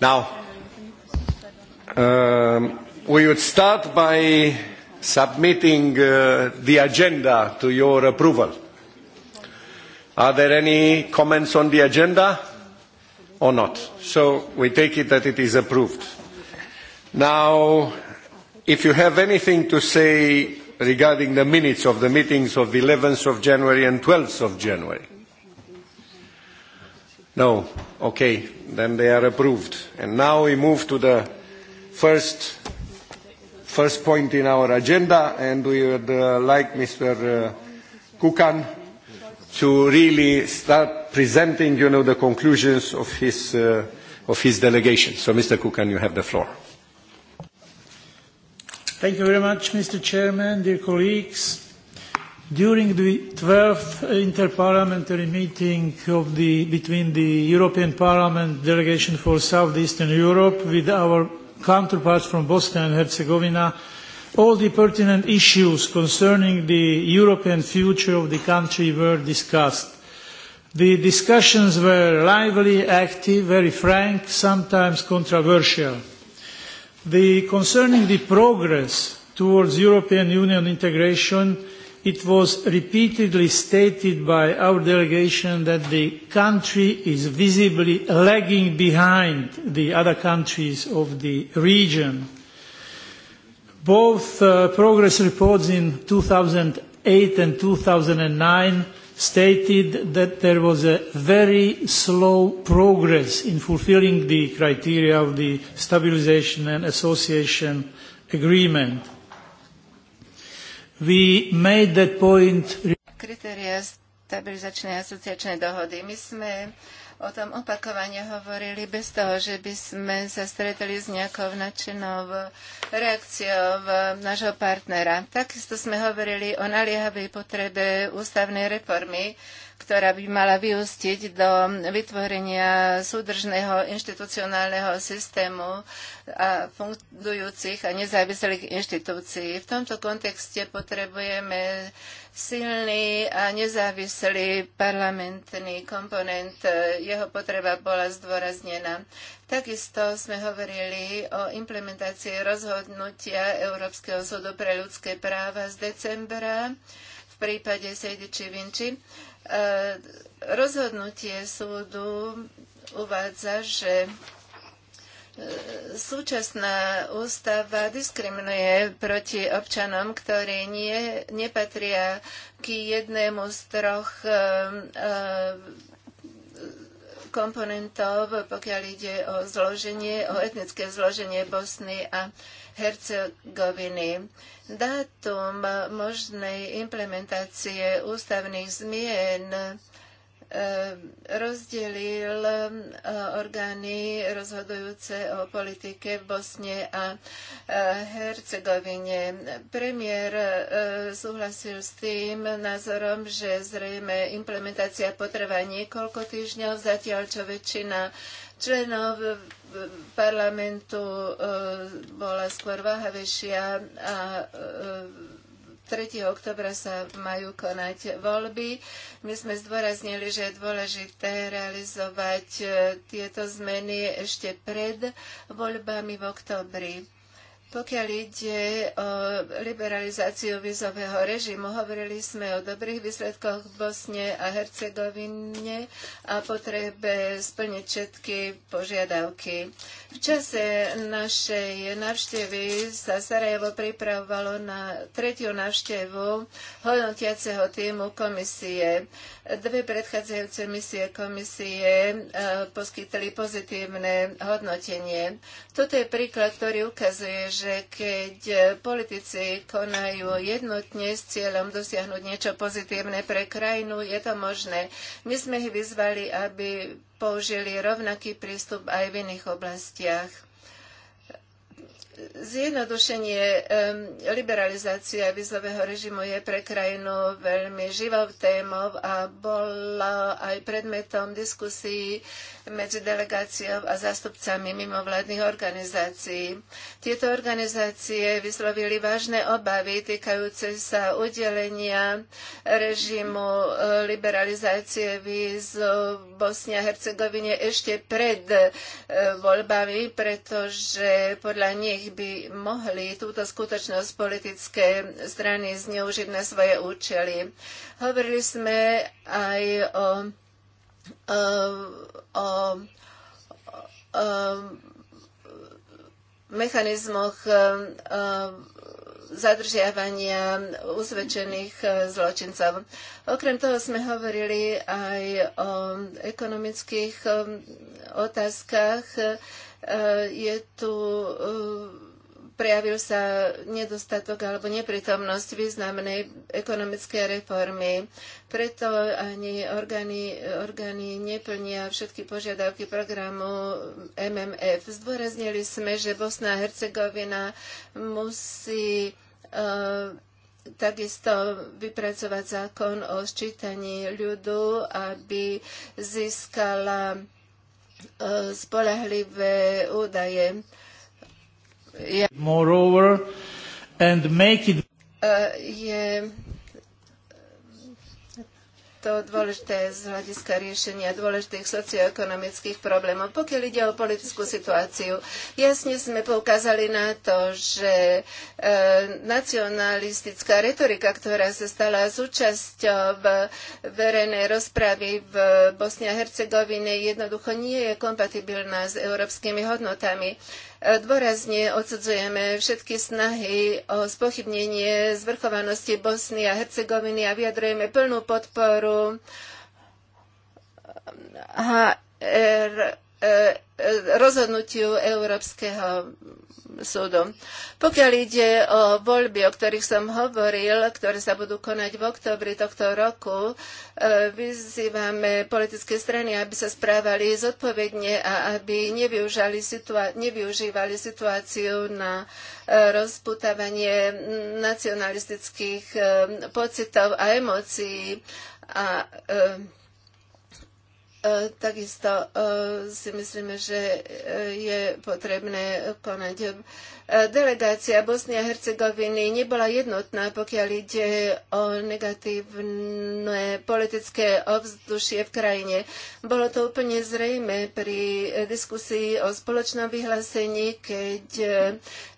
Now, um, we would start by submitting uh, the agenda to your approval. Are there any comments on the agenda or not? So we take it that it is approved. Now, if you have anything to say regarding the minutes of the meetings of 11th of January and 12th of January, No. Okay. Then they are approved. And now we move to the first first point in our agenda, and we would uh, like Mr. Uh, Kukan to really start presenting, you know, the conclusions of his uh, of his delegation. So, Mr. Kukan, you have the floor. Thank you very much, Mr. Chairman, dear colleagues. During the 12th interparliamentary meeting of the, between the European Parliament delegation for Southeastern Europe with our counterparts from Bosnia and Herzegovina, all the pertinent issues concerning the European future of the country were discussed. The discussions were lively, active, very frank, sometimes controversial. The, concerning the progress towards European Union integration, it was repeatedly stated by our delegation that the country is visibly lagging behind the other countries of the region. Both uh, progress reports in 2008 and 2009 stated that there was a very slow progress in fulfilling the criteria of the stabilisation and association agreement We made that point... Kritéria stabilizačnej asociačnej dohody. My sme o tom opakovane hovorili bez toho, že by sme sa stretli s nejakou nadšenou reakciou nášho partnera. Takisto sme hovorili o naliehavej potrebe ústavnej reformy ktorá by mala vyústiť do vytvorenia súdržného inštitucionálneho systému a fungujúcich a nezávislých inštitúcií. V tomto kontexte potrebujeme silný a nezávislý parlamentný komponent. Jeho potreba bola zdôraznená. Takisto sme hovorili o implementácii rozhodnutia Európskeho súdu pre ľudské práva z decembra v prípade Sejdiči Vinči E, rozhodnutie súdu uvádza, že e, Súčasná ústava diskriminuje proti občanom, ktorí nie, nepatria k jednému z troch e, komponentov, pokiaľ ide o zloženie, o etnické zloženie Bosny a Hercegoviny. Dátum možnej implementácie ústavných zmien e, rozdelil e, orgány rozhodujúce o politike v Bosne a e, Hercegovine. Premiér súhlasil s tým názorom, že zrejme implementácia potrvá niekoľko týždňov, zatiaľ čo väčšina členov parlamentu e, bola skôr váhavejšia a 3. E, oktobra sa majú konať voľby. My sme zdôraznili, že je dôležité realizovať e, tieto zmeny ešte pred voľbami v oktobri. Pokiaľ ide o liberalizáciu vizového režimu, hovorili sme o dobrých výsledkoch v Bosne a Hercegovine a potrebe splniť všetky požiadavky. V čase našej návštevy sa Sarajevo pripravovalo na tretiu návštevu hodnotiaceho týmu komisie. Dve predchádzajúce misie komisie e, poskytli pozitívne hodnotenie. Toto je príklad, ktorý ukazuje, že keď politici konajú jednotne s cieľom dosiahnuť niečo pozitívne pre krajinu, je to možné. My sme ich vyzvali, aby použili rovnaký prístup aj v iných oblastiach zjednodušenie liberalizácie vizového režimu je pre krajinu veľmi živou témou a bola aj predmetom diskusí medzi delegáciou a zástupcami mimovládnych organizácií. Tieto organizácie vyslovili vážne obavy týkajúce sa udelenia režimu e, liberalizácie víz v Bosni a Hercegovine ešte pred e, voľbami, pretože podľa nich by mohli túto skutočnosť politické strany zneužiť na svoje účely. Hovorili sme aj o, o, o, o mechanizmoch e, zadržiavania uzvedčených e, zločincov. Okrem toho sme hovorili aj o ekonomických e, otázkach, Eh, je tu eh, prejavil sa nedostatok alebo neprítomnosť významnej ekonomickej reformy. Preto ani orgány, orgány neplnia všetky požiadavky programu MMF. Zdôraznili sme, že Bosna a Hercegovina musí uh, takisto vypracovať zákon o ščítaní ľudu, aby získala spolahlivé údaje. Moreover, and make it... E, je to dôležité z hľadiska riešenia dôležitých socioekonomických problémov. Pokiaľ ide o politickú situáciu, jasne sme poukázali na to, že e, nacionalistická retorika, ktorá sa stala súčasťou v verejnej rozpravy v Bosni a Hercegovine, jednoducho nie je kompatibilná s európskymi hodnotami. Dôrazne odsudzujeme všetky snahy o spochybnenie zvrchovanosti Bosny a Hercegoviny a vyjadrujeme plnú podporu HR e rozhodnutiu Európskeho súdu. Pokiaľ ide o voľby, o ktorých som hovoril, ktoré sa budú konať v oktobri tohto roku, e, vyzývame politické strany, aby sa správali zodpovedne a aby situá- nevyužívali situáciu na e, rozputávanie nacionalistických e, pocitov a emócií a E, takisto e, si myslíme, že e, je potrebné konať. Delegácia Bosny a Hercegoviny nebola jednotná, pokiaľ ide o negatívne politické ovzdušie v krajine. Bolo to úplne zrejme pri diskusii o spoločnom vyhlásení, keď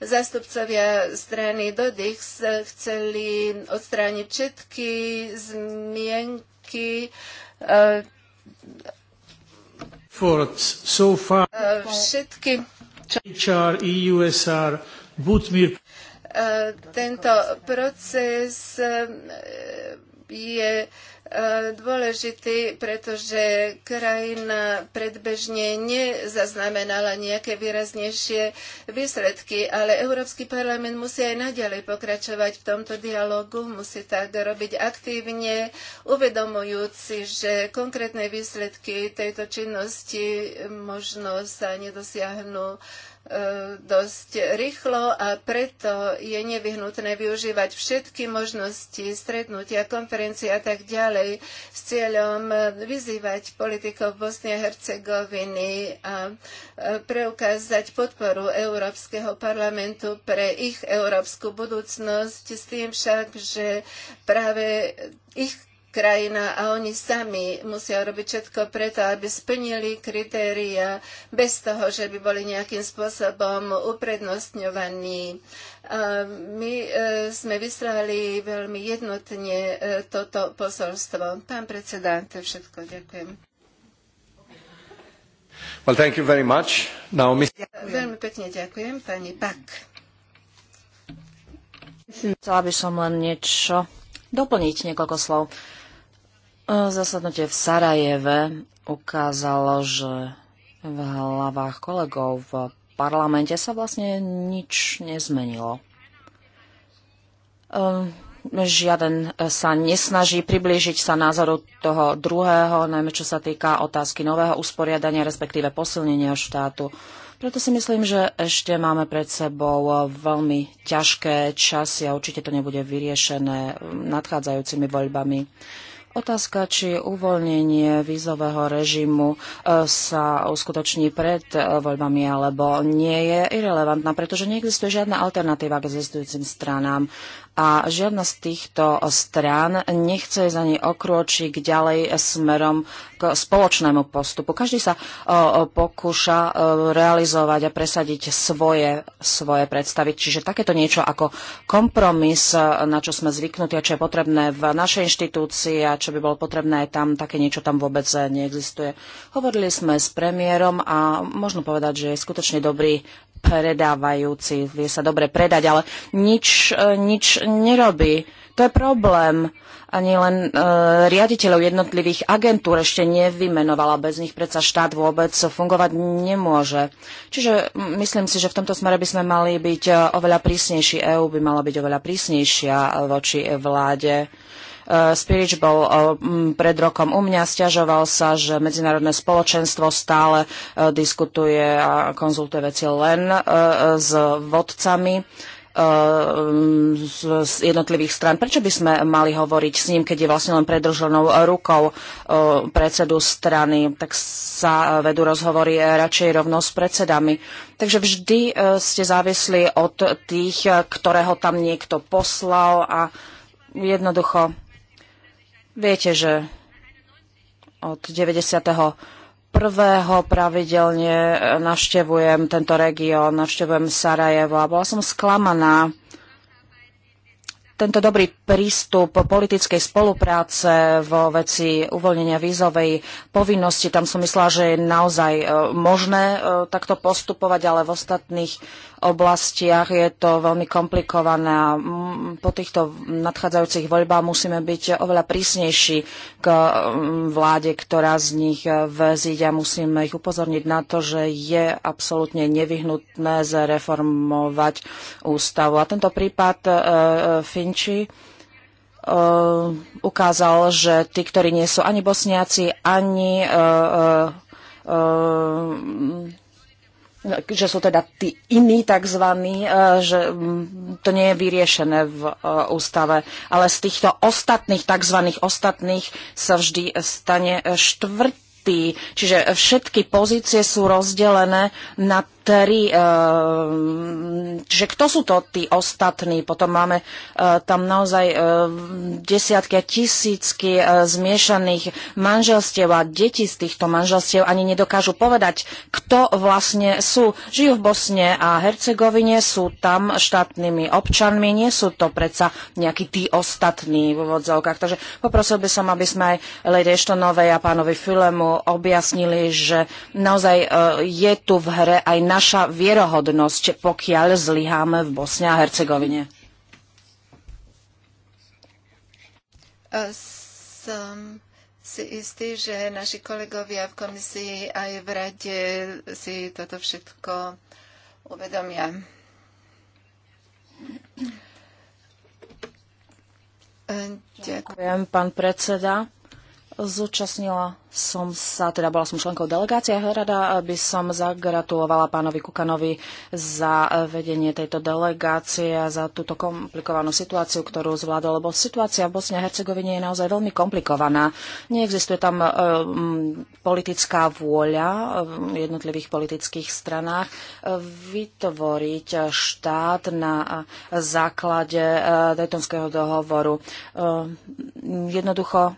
zástupcovia strany Dodix chceli odstrániť všetky zmienky E, všetky HR, EUSR, Butmir. E, tento proces e, je e, dôležitý, pretože krajina predbežne nezaznamenala nejaké výraznejšie výsledky, ale Európsky parlament musí aj naďalej pokračovať v tomto dialogu, musí tak robiť aktívne, uvedomujúci, že konkrétne výsledky tejto činnosti možno sa nedosiahnu dosť rýchlo a preto je nevyhnutné využívať všetky možnosti stretnutia, konferencie a tak ďalej s cieľom vyzývať politikov Bosny a Hercegoviny a preukázať podporu Európskeho parlamentu pre ich európsku budúcnosť s tým však, že práve ich krajina a oni sami musia robiť všetko preto, aby splnili kritéria bez toho, že by boli nejakým spôsobom uprednostňovaní. A my e, sme vyslali veľmi jednotne e, toto posolstvo. Pán predseda, to je všetko. Ďakujem. Well, thank you very much. Now, Ms. Veľmi pekne ďakujem, pani Pak. Chcela by som len niečo doplniť, niekoľko slov. Uh, Zasadnutie v Sarajeve ukázalo, že v hlavách kolegov v parlamente sa vlastne nič nezmenilo. Ehm, žiaden sa nesnaží priblížiť sa názoru toho druhého, najmä čo sa týka otázky nového usporiadania, respektíve posilnenia štátu. Preto si myslím, že ešte máme pred sebou veľmi ťažké časy a určite to nebude vyriešené nadchádzajúcimi voľbami. Otázka, či uvoľnenie vízového režimu e, sa uskutoční pred e, voľbami alebo nie, je irrelevantná, pretože neexistuje žiadna alternatíva k existujúcim stranám a žiadna z týchto strán nechce za ani okročiť ďalej smerom k spoločnému postupu. Každý sa pokúša realizovať a presadiť svoje, svoje predstavy. Čiže takéto niečo ako kompromis, na čo sme zvyknutí a čo je potrebné v našej inštitúcii a čo by bolo potrebné aj tam, také niečo tam vôbec neexistuje. Hovorili sme s premiérom a možno povedať, že je skutočne dobrý predávajúci, vie sa dobre predať, ale nič, e, nič nerobí. To je problém. Ani len e, riaditeľov jednotlivých agentúr ešte nevymenovala. Bez nich predsa štát vôbec fungovať nemôže. Čiže myslím si, že v tomto smere by sme mali byť e, oveľa prísnejší. EÚ by mala byť oveľa prísnejšia voči vláde E, Spirič bol e, pred rokom u mňa, stiažoval sa, že medzinárodné spoločenstvo stále e, diskutuje a konzultuje veci len s vodcami z jednotlivých stran. Prečo by sme mali hovoriť s ním, keď je vlastne len predlženou rukou predsedu strany? Tak sa vedú rozhovory radšej rovno s predsedami. Takže vždy ste závisli od tých, ktorého tam niekto poslal a jednoducho Viete, že od 91. pravidelne navštevujem tento región, navštevujem Sarajevo a bola som sklamaná. Tento dobrý prístup politickej spolupráce vo veci uvoľnenia vízovej povinnosti, tam som myslela, že je naozaj e, možné e, takto postupovať, ale v ostatných oblastiach je to veľmi komplikované a po týchto nadchádzajúcich voľbách musíme byť oveľa prísnejší k vláde, ktorá z nich väziť a musíme ich upozorniť na to, že je absolútne nevyhnutné zreformovať ústavu. A tento prípad e, e, Finči e, ukázal, že tí, ktorí nie sú ani bosniaci, ani že sú teda tí iní tzv., e, že to nie je vyriešené v e, ústave. Ale z týchto ostatných, tzv. ostatných sa vždy stane štvrtý. Čiže všetky pozície sú rozdelené na tri, eh, že kto sú to tí ostatní. Potom máme eh, tam naozaj eh, desiatky a tisícky zmiešaných manželstiev a deti z týchto manželstiev ani nedokážu povedať, kto vlastne sú. Žijú v Bosne a Hercegovine, sú tam štátnymi občanmi, nie sú to predsa nejakí tí ostatní v vodzovkách. Takže poprosil by som, aby sme aj Lady Eštonovej a pánovi Filemu objasnili, že naozaj je tu v hre aj naša vierohodnosť, pokiaľ zlyháme v Bosne a Hercegovine? E, som si istý, že naši kolegovia v komisii aj v rade si toto všetko uvedomia. E, ďakujem, pán predseda. Zúčastnila som sa, teda bola som členkou delegácie. Rada by som zagratulovala pánovi Kukanovi za vedenie tejto delegácie a za túto komplikovanú situáciu, ktorú zvládol, lebo situácia v Bosne a Hercegovine je naozaj veľmi komplikovaná. Neexistuje tam um, politická vôľa v jednotlivých politických stranách e, vytvoriť štát na základe e, Daytonského dohovoru. Jednoducho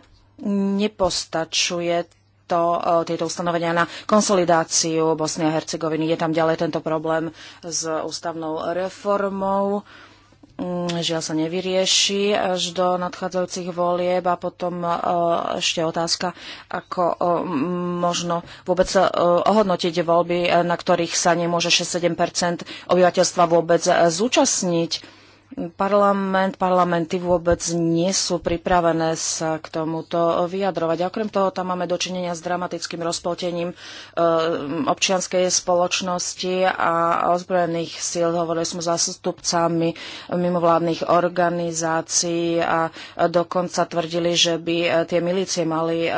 nepostačuje to, e, tieto ustanovenia na konsolidáciu Bosny a Hercegoviny. Je tam ďalej tento problém s ústavnou reformou mm, žiaľ sa nevyrieši až do nadchádzajúcich volieb a potom e, ešte otázka, ako e, možno vôbec ohodnotiť voľby, na ktorých sa nemôže 6-7 obyvateľstva vôbec zúčastniť parlament, parlamenty vôbec nie sú pripravené sa k tomuto vyjadrovať. A okrem toho tam máme dočinenia s dramatickým rozpoltením e, občianskej spoločnosti a ozbrojených síl. Hovorili sme zástupcami mimovládnych organizácií a dokonca tvrdili, že by e, tie milície mali e,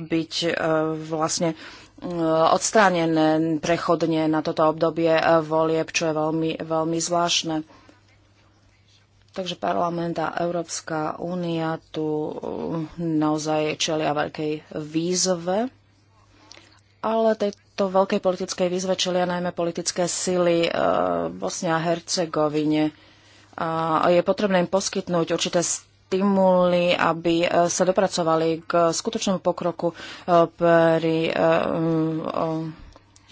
byť vlastne odstránené prechodne na toto obdobie volieb, čo je veľmi, veľmi zvláštne. Takže parlament a Európska únia tu eh, naozaj čelia veľkej výzve, ale tejto veľkej politickej výzve čelia najmä politické sily eh, Bosnia a Hercegovine. A je potrebné im poskytnúť určité stimuly, aby eh, sa dopracovali k skutočnému pokroku pri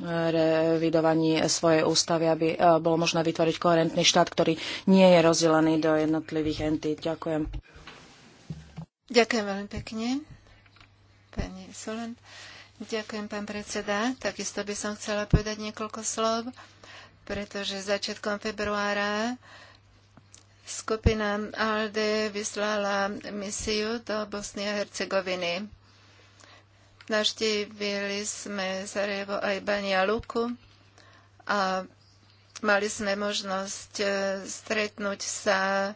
revidovaní svojej ústavy, aby e, bolo možné vytvoriť koherentný štát, ktorý nie je rozdelený do jednotlivých entít. Ďakujem. Ďakujem veľmi pekne, pani Solen. Ďakujem, pán predseda. Takisto by som chcela povedať niekoľko slov, pretože začiatkom februára skupina ALDE vyslala misiu do Bosny a Hercegoviny Navštívili sme Sarajevo aj Bania Luku a mali sme možnosť e, stretnúť sa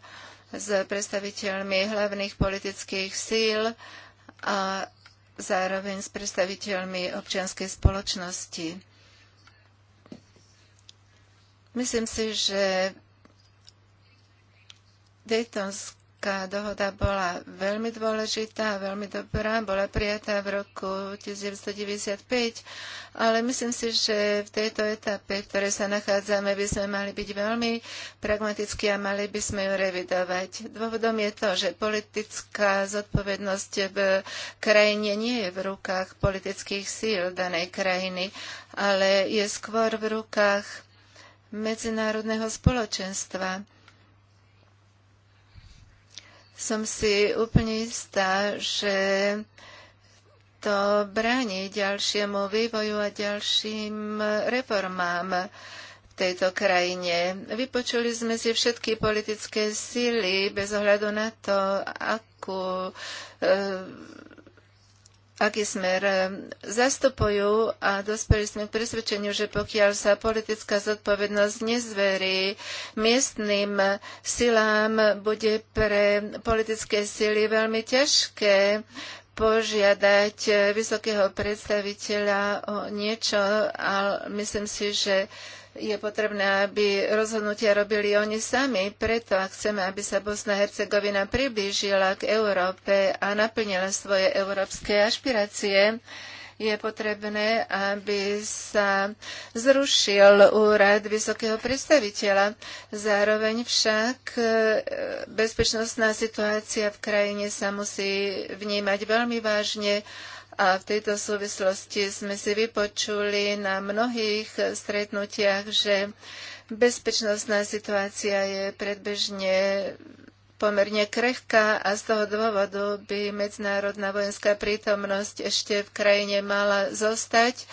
s predstaviteľmi hlavných politických síl a zároveň s predstaviteľmi občianskej spoločnosti. Myslím si, že Daytonský tá dohoda bola veľmi dôležitá, veľmi dobrá, bola prijatá v roku 1995, ale myslím si, že v tejto etape, v ktorej sa nachádzame, by sme mali byť veľmi pragmatickí a mali by sme ju revidovať. Dôvodom je to, že politická zodpovednosť v krajine nie je v rukách politických síl danej krajiny, ale je skôr v rukách medzinárodného spoločenstva som si úplne istá, že to bráni ďalšiemu vývoju a ďalším reformám v tejto krajine. Vypočuli sme si všetky politické síly bez ohľadu na to, akú e, aký smer eh, zastupujú a dospeli sme k presvedčeniu, že pokiaľ sa politická zodpovednosť nezverí miestnym silám, bude pre politické sily veľmi ťažké požiadať eh, vysokého predstaviteľa o niečo, ale myslím si, že je potrebné, aby rozhodnutia robili oni sami. Preto, ak chceme, aby sa Bosna Hercegovina priblížila k Európe a naplnila svoje európske ašpirácie, je potrebné, aby sa zrušil úrad vysokého predstaviteľa. Zároveň však e, bezpečnostná situácia v krajine sa musí vnímať veľmi vážne a v tejto súvislosti sme si vypočuli na mnohých stretnutiach, že bezpečnostná situácia je predbežne pomerne krehká a z toho dôvodu by medzinárodná vojenská prítomnosť ešte v krajine mala zostať,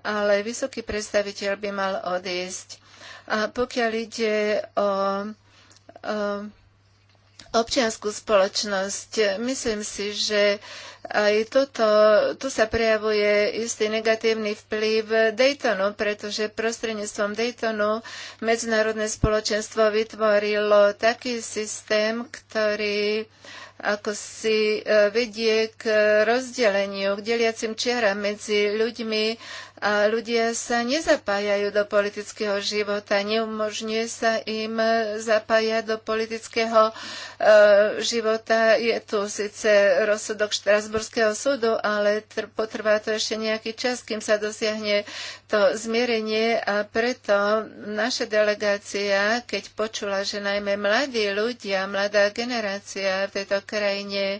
ale vysoký predstaviteľ by mal odísť. A pokiaľ ide o, o občianskú spoločnosť. Myslím si, že aj toto, tu sa prejavuje istý negatívny vplyv Daytonu, pretože prostredníctvom Daytonu medzinárodné spoločenstvo vytvorilo taký systém, ktorý ako si e, vedie k rozdeleniu, k deliacim čiaram medzi ľuďmi, a ľudia sa nezapájajú do politického života, neumožňuje sa im zapájať do politického e, života. Je tu síce rozsudok Štrasburského súdu, ale potrvá to ešte nejaký čas, kým sa dosiahne to zmierenie a preto naša delegácia, keď počula, že najmä mladí ľudia, mladá generácia v tejto krajine,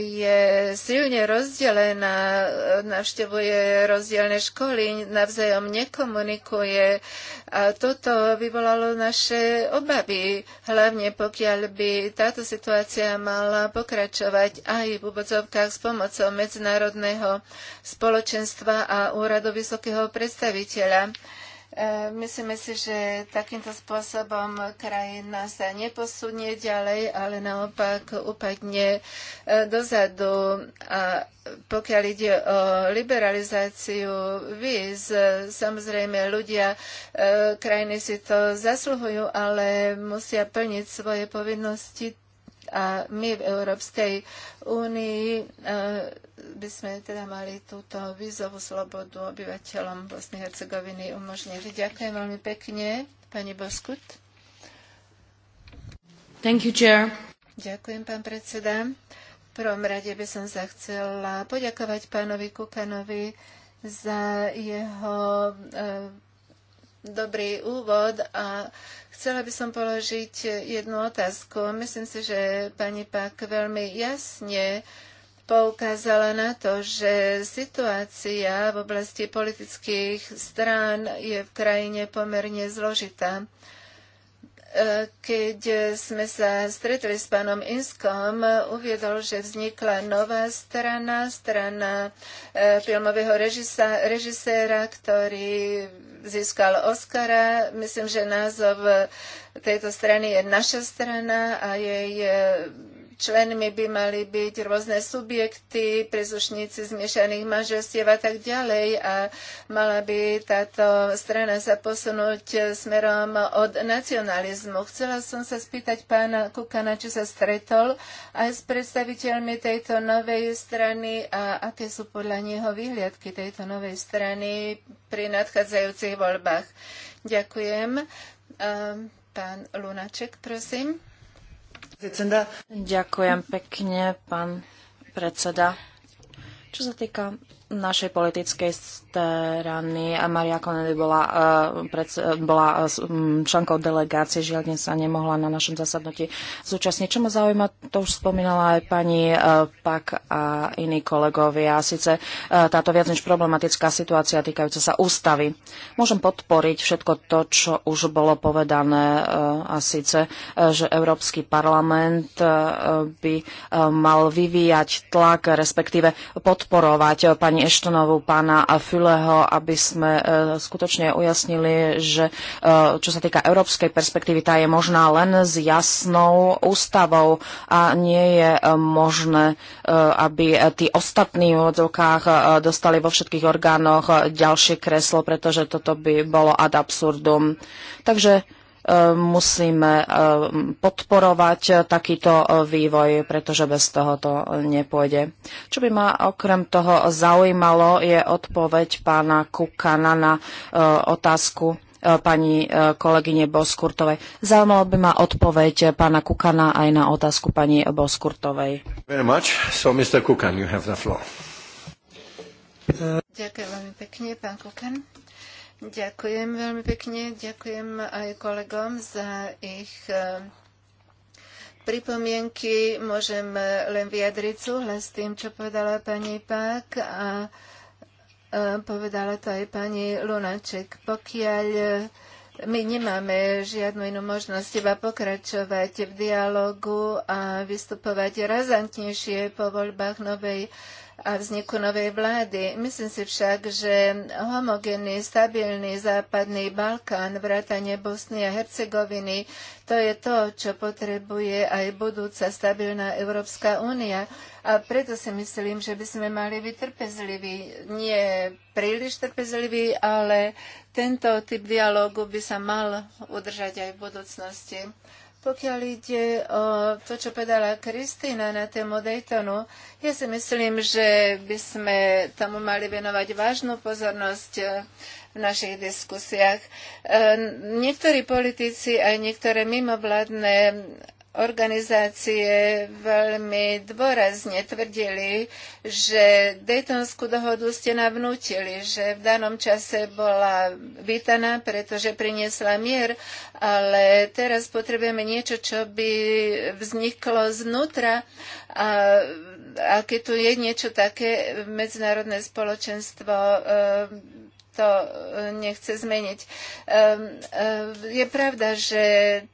je silne rozdelená, navštevuje rozdielne školy, navzájom nekomunikuje. A toto vyvolalo naše obavy, hlavne pokiaľ by táto situácia mala pokračovať aj v úvodzovkách s pomocou medzinárodného spoločenstva a úradu vysokého predstaviteľa. E, myslíme si, že takýmto spôsobom krajina sa neposunie ďalej, ale naopak upadne e, dozadu. A pokiaľ ide o liberalizáciu víz, samozrejme ľudia, e, krajiny si to zasluhujú, ale musia plniť svoje povinnosti a my v Európskej únii e, by sme teda mali túto vízovú slobodu obyvateľom Bosny Hercegoviny umožniť. Ďakujem veľmi pekne, pani Boskut. Thank you, Chair. Ďakujem, pán predseda. V prvom rade by som sa chcela poďakovať pánovi Kukanovi za jeho e, dobrý úvod a chcela by som položiť jednu otázku. Myslím si, že pani Pak veľmi jasne poukázala na to, že situácia v oblasti politických strán je v krajine pomerne zložitá. E, keď sme sa stretli s pánom Inskom, uviedol, že vznikla nová strana, strana e, filmového režisa, režiséra, ktorý získal Oscara. Myslím, že názov tejto strany je Naša strana a jej eh, členmi by mali byť rôzne subjekty, príslušníci zmiešaných manželstiev a tak ďalej a mala by táto strana sa posunúť smerom od nacionalizmu. Chcela som sa spýtať pána Kukana, či sa stretol aj s predstaviteľmi tejto novej strany a aké sú podľa neho výhliadky tejto novej strany pri nadchádzajúcich voľbách. Ďakujem. Ehm, pán Lunaček, prosím. Ďakujem pekne, pán predseda. Čo sa týka našej politickej strany Maria Konedy bola, eh, pred, bola eh, mm, členkou delegácie, žiaľ dnes sa nemohla na našom zasadnutí zúčastniť. Čo ma zaujíma, to už spomínala aj pani eh, Pak a iní kolegovia, uh, táto viac než problematická situácia týkajúca sa ústavy. Môžem podporiť všetko to, čo už bolo povedané a síce, že Európsky parlament by mal vyvíjať tlak, respektíve podporovať pani pani Eštonovú, pána Füleho, aby sme e, skutočne ujasnili, že e, čo sa týka európskej perspektívy, tá je možná len s jasnou ústavou a nie je e, možné, aby tí ostatní v odzokách dostali vo všetkých orgánoch ďalšie kreslo, pretože toto by bolo ad absurdum. Takže musíme eh, podporovať takýto eh, vývoj, pretože bez toho to nepôjde. Čo by ma okrem toho zaujímalo, je odpoveď pána Kukana na eh, otázku pani kolegyne Boskurtovej. Zaujímalo by ma odpoveď pána Kukana aj na otázku pani Boskurtovej. So, Kukan, Ďakujem veľmi pekne, pán Kukan. Ďakujem veľmi pekne, ďakujem aj kolegom za ich e, pripomienky. Môžem len vyjadriť súhlas s tým, čo povedala pani Pák a e, povedala to aj pani Lunaček. Pokiaľ e, my nemáme žiadnu inú možnosť iba pokračovať v dialogu a vystupovať razantnejšie po voľbách novej a vzniku novej vlády. Myslím si však, že homogénny, stabilný západný Balkán, vrátanie Bosny a Hercegoviny, to je to, čo potrebuje aj budúca stabilná Európska únia. A preto si myslím, že by sme mali byť trpezliví. Nie príliš trpezliví, ale tento typ dialogu by sa mal udržať aj v budúcnosti. Pokiaľ ide o to, čo povedala Kristýna na tému Daytonu, ja si myslím, že by sme tomu mali venovať vážnu pozornosť e, v našich diskusiách. E, niektorí politici aj niektoré mimovládne organizácie veľmi dôrazne tvrdili, že Daytonskú dohodu ste nám vnútili, že v danom čase bola vítaná, pretože priniesla mier, ale teraz potrebujeme niečo, čo by vzniklo znútra a, a keď tu je niečo také, medzinárodné spoločenstvo e, to e, nechce zmeniť. E, je pravda, že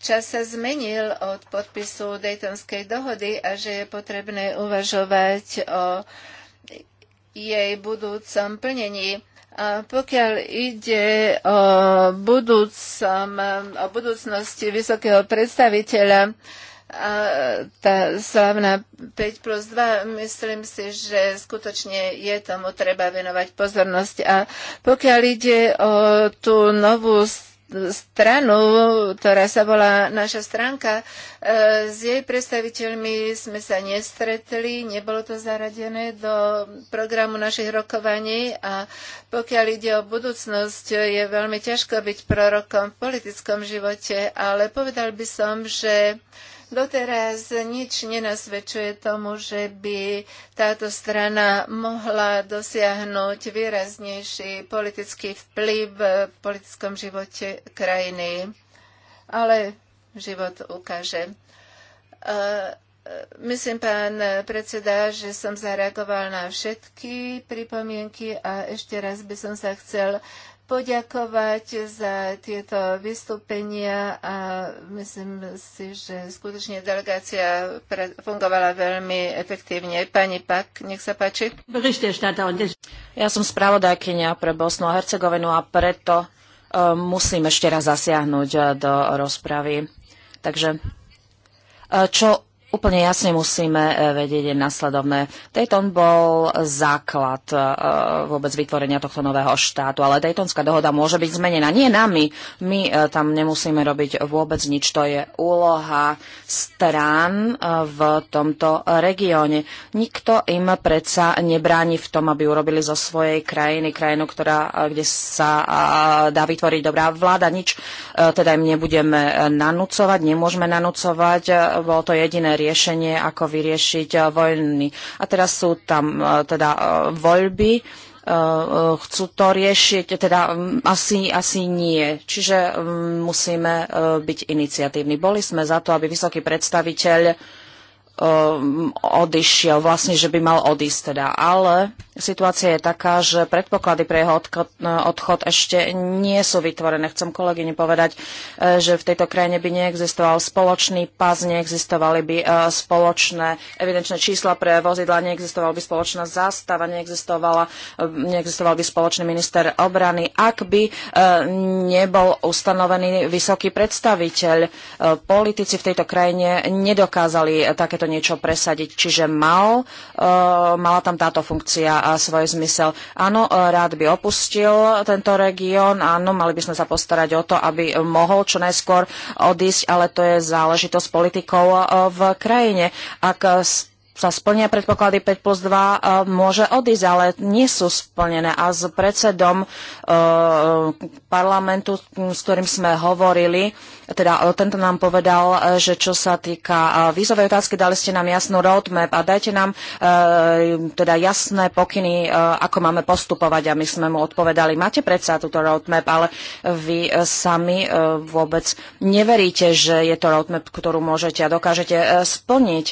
čas sa zmenil od podpisu Daytonskej dohody a že je potrebné uvažovať o jej budúcom plnení. A pokiaľ ide o, budúcom, o budúcnosti vysokého predstaviteľa, a e, tá slavná 5 plus 2, myslím si, že skutočne je tomu treba venovať pozornosť. A pokiaľ ide o tú novú stranu, ktorá sa volá naša stránka. E, s jej predstaviteľmi sme sa nestretli, nebolo to zaradené do programu našich rokovaní a pokiaľ ide o budúcnosť, je veľmi ťažko byť prorokom v politickom živote, ale povedal by som, že Doteraz nič nenasvedčuje tomu, že by táto strana mohla dosiahnuť výraznejší politický vplyv v politickom živote krajiny. Ale život ukáže. E, e, myslím, pán predseda, že som zareagoval na všetky pripomienky a ešte raz by som sa chcel poďakovať za tieto vystúpenia a myslím si, že skutočne delegácia fungovala veľmi efektívne. Pani Pak, nech sa páči. Ja som spravodajkynia pre Bosnu a Hercegovinu a preto e, musím ešte raz zasiahnuť e, do rozpravy. Takže e, čo Úplne jasne musíme e, vedieť nasledovné. Dayton bol základ e, vôbec vytvorenia tohto nového štátu, ale Daytonská dohoda môže byť zmenená. Nie nami. My e, tam nemusíme robiť vôbec nič. To je úloha strán v tomto regióne. Nikto im predsa nebráni v tom, aby urobili zo svojej krajiny krajinu, ktorá, kde sa dá vytvoriť dobrá vláda. Nič teda im nebudeme nanúcovať, nemôžeme nanúcovať. Bolo to jediné riešenie, ako vyriešiť eh, voľný. A teraz sú tam eh, teda eh, voľby chcú to riešiť, teda mm, asi, asi nie. Čiže mm, musíme byť iniciatívni. Boli sme za to, aby vysoký predstaviteľ um, odišiel, vlastne, že by mal odísť teda. Ale situácia je taká, že predpoklady pre jeho odchod, no, odchod ešte nie sú vytvorené. Chcem kolegyni povedať, e, že v tejto krajine by neexistoval spoločný pás, neexistovali by e, spoločné evidenčné čísla pre vozidla, neexistoval by spoločná zástava, neexistovala, e, neexistoval by spoločný minister obrany, ak by nebol ustanovený vysoký predstaviteľ. Politici v tejto krajine nedokázali takéto niečo presadiť. Čiže mal, e, mala tam táto funkcia a svoj zmysel. Áno, e, rád by opustil tento región, áno, mali by sme sa postarať o to, aby mohol čo najskôr odísť, ale to je záležitosť politikov e, v krajine. Ak sa splnia predpoklady 5 plus 2, e, môže odísť, ale nie sú splnené. A s predsedom e, parlamentu, s ktorým sme hovorili, teda e, tento nám povedal, že čo sa týka vízovej otázky, dali ste nám jasnú roadmap a dajte nám teda jasné pokyny, ako máme postupovať. A my sme mu odpovedali, máte predsa túto roadmap, ale vy sami vôbec neveríte, že je to roadmap, ktorú môžete a dokážete splniť.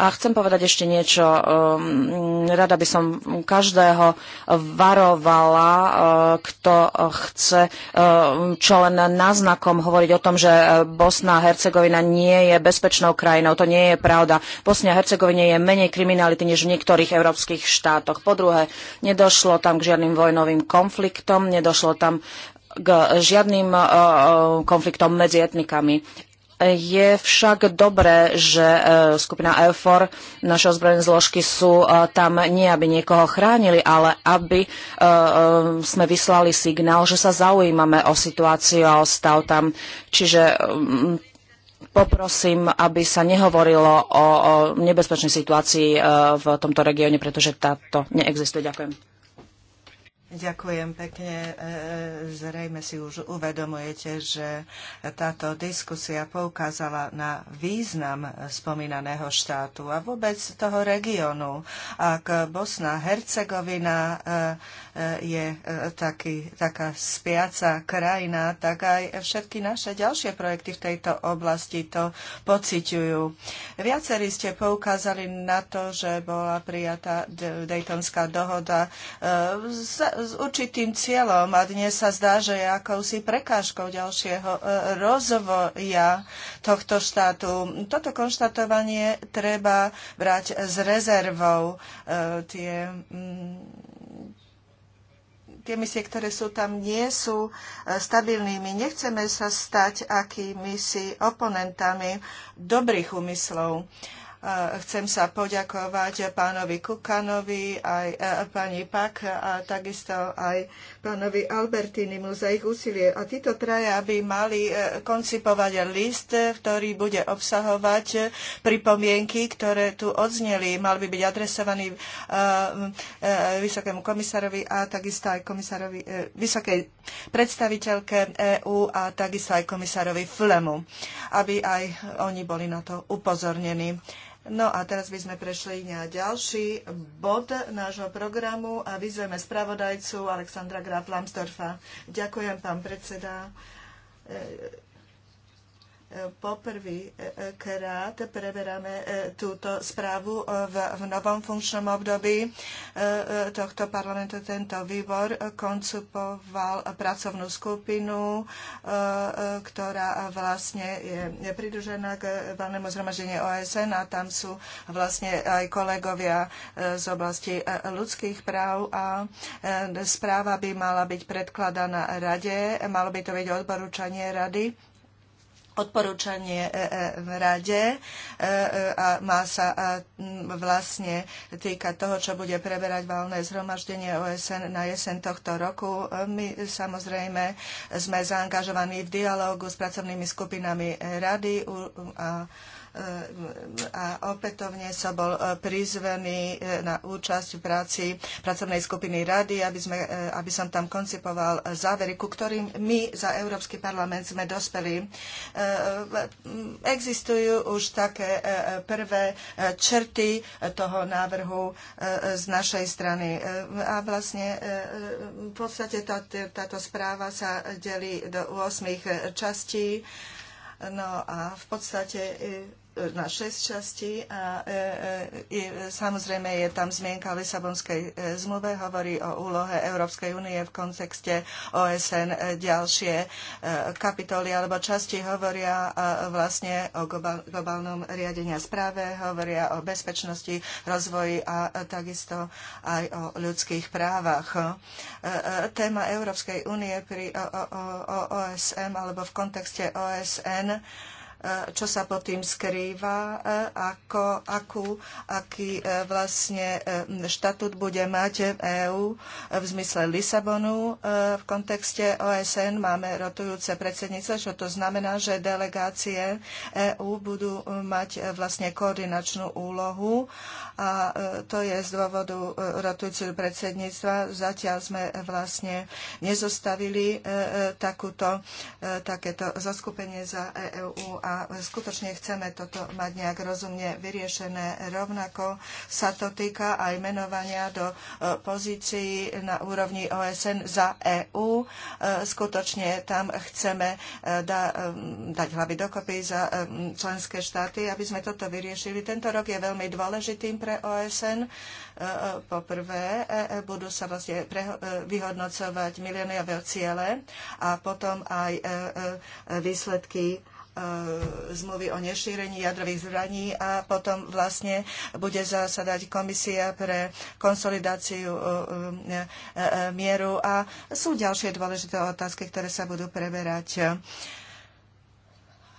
A chcem povedať ešte niečo. Um, rada by som každého varovala, uh, kto chce uh, čo len náznakom hovoriť o tom, že Bosna a Hercegovina nie je bezpečnou krajinou. To nie je pravda. Bosnia a Hercegovine je menej kriminality než v niektorých európskych štátoch. Po druhé, nedošlo tam k žiadnym vojnovým konfliktom, nedošlo tam k žiadnym uh, konfliktom medzi etnikami. Je však dobré, že e, skupina EUFOR, naše ozbrojené zložky sú e, tam nie, aby niekoho chránili, ale aby e, sme vyslali signál, že sa zaujímame o situáciu a o stav tam. Čiže mm, poprosím, aby sa nehovorilo o, o nebezpečnej situácii v tomto regióne, pretože táto neexistuje. Ďakujem. Ďakujem pekne. E, e, zrejme si už uvedomujete, že táto diskusia poukázala na význam spomínaného štátu a vôbec toho regiónu. Ak Bosna Hercegovina e, je taký, taká spiaca krajina, tak aj všetky naše ďalšie projekty v tejto oblasti to pociťujú. Viacerí ste poukázali na to, že bola prijatá Daytonská dohoda s určitým cieľom a dnes sa zdá, že je akousi prekážkou ďalšieho e, rozvoja tohto štátu. Toto konštatovanie treba brať s rezervou. E, tie mm, tie misie, ktoré sú tam, nie sú e, stabilnými. Nechceme sa stať akými si oponentami dobrých úmyslov. Uh, Chcem sa poďakovať pánovi Kukanovi, aj e, pani Pak a takisto aj pánovi Albertinimu za ich úsilie. A títo traja by mali e, koncipovať list, ktorý bude obsahovať pripomienky, ktoré tu odzneli. Mal by byť adresovaný e, vysokému komisárovi a takisto aj komisárovi vysokej predstaviteľke EÚ a takisto aj komisárovi Flemu, aby aj oni boli na to upozornení. No a teraz by sme prešli na ďalší bod nášho programu a vyzveme spravodajcu Alexandra Graf Lambsdorfa. Ďakujem, pán predseda poprvý krát preberáme e, túto správu e, v, v novom funkčnom období e, tohto parlamentu. Tento výbor koncupoval pracovnú skupinu, ktorá vlastne je pridružená k valnému zhromaždeniu OSN a tam sú vlastne aj kolegovia z oblasti ľudských práv a správa by mala byť predkladaná rade, malo by to byť odporúčanie rady odporúčanie e, e, v rade e, a má sa vlastne týka toho, čo bude preberať valné zhromaždenie OSN na jesen tohto roku. My samozrejme sme zaangažovaní v dialógu s pracovnými skupinami rady a a opätovne som bol e, prizvený e, na účasť v práci pracovnej skupiny rady, aby, sme, e, aby som tam koncipoval závery, ku ktorým my za Európsky parlament sme dospeli. Existujú už také prvé črty toho návrhu z našej strany. A vlastne v podstate tá, táto správa sa delí do 8 častí. No a v podstate na šesť častí a e, e, samozrejme je tam zmienka o Lisabonskej e, zmluve, hovorí o úlohe Európskej únie v kontexte OSN. E, ďalšie e, kapitoly alebo časti hovoria e, vlastne o globál, globálnom riadení a správe, hovoria o bezpečnosti, rozvoji a, e, takisto aj o ľudských právach. E, e téma Európskej únie pri o, o, o OSM alebo v kontexte OSN čo sa pod tým skrýva, e, ako, akú, aký e, vlastne e, štatút bude mať v EÚ v zmysle Lisabonu. V kontexte OSN máme rotujúce predsednice, čo to znamená, že delegácie EÚ budú mať vlastne koordinačnú úlohu a to je z dôvodu rotujúceho predsedníctva. Zatiaľ sme vlastne nezostavili takúto, takéto zaskupenie za EÚ a a skutočne chceme toto mať nejak rozumne vyriešené. Rovnako sa to týka aj menovania do e, pozícií na úrovni OSN za EÚ. E, skutočne tam chceme e, da, dať hlavy dokopy za členské štáty, aby sme toto vyriešili. Tento rok je veľmi dôležitým pre OSN. Poprvé budú sa vlastne vyhodnocovať miliónové ciele a potom aj výsledky E, zmluvy o nešírení jadrových zbraní a potom vlastne bude zasadať komisia pre konsolidáciu e, e, mieru a sú ďalšie dôležité otázky, ktoré sa budú preberať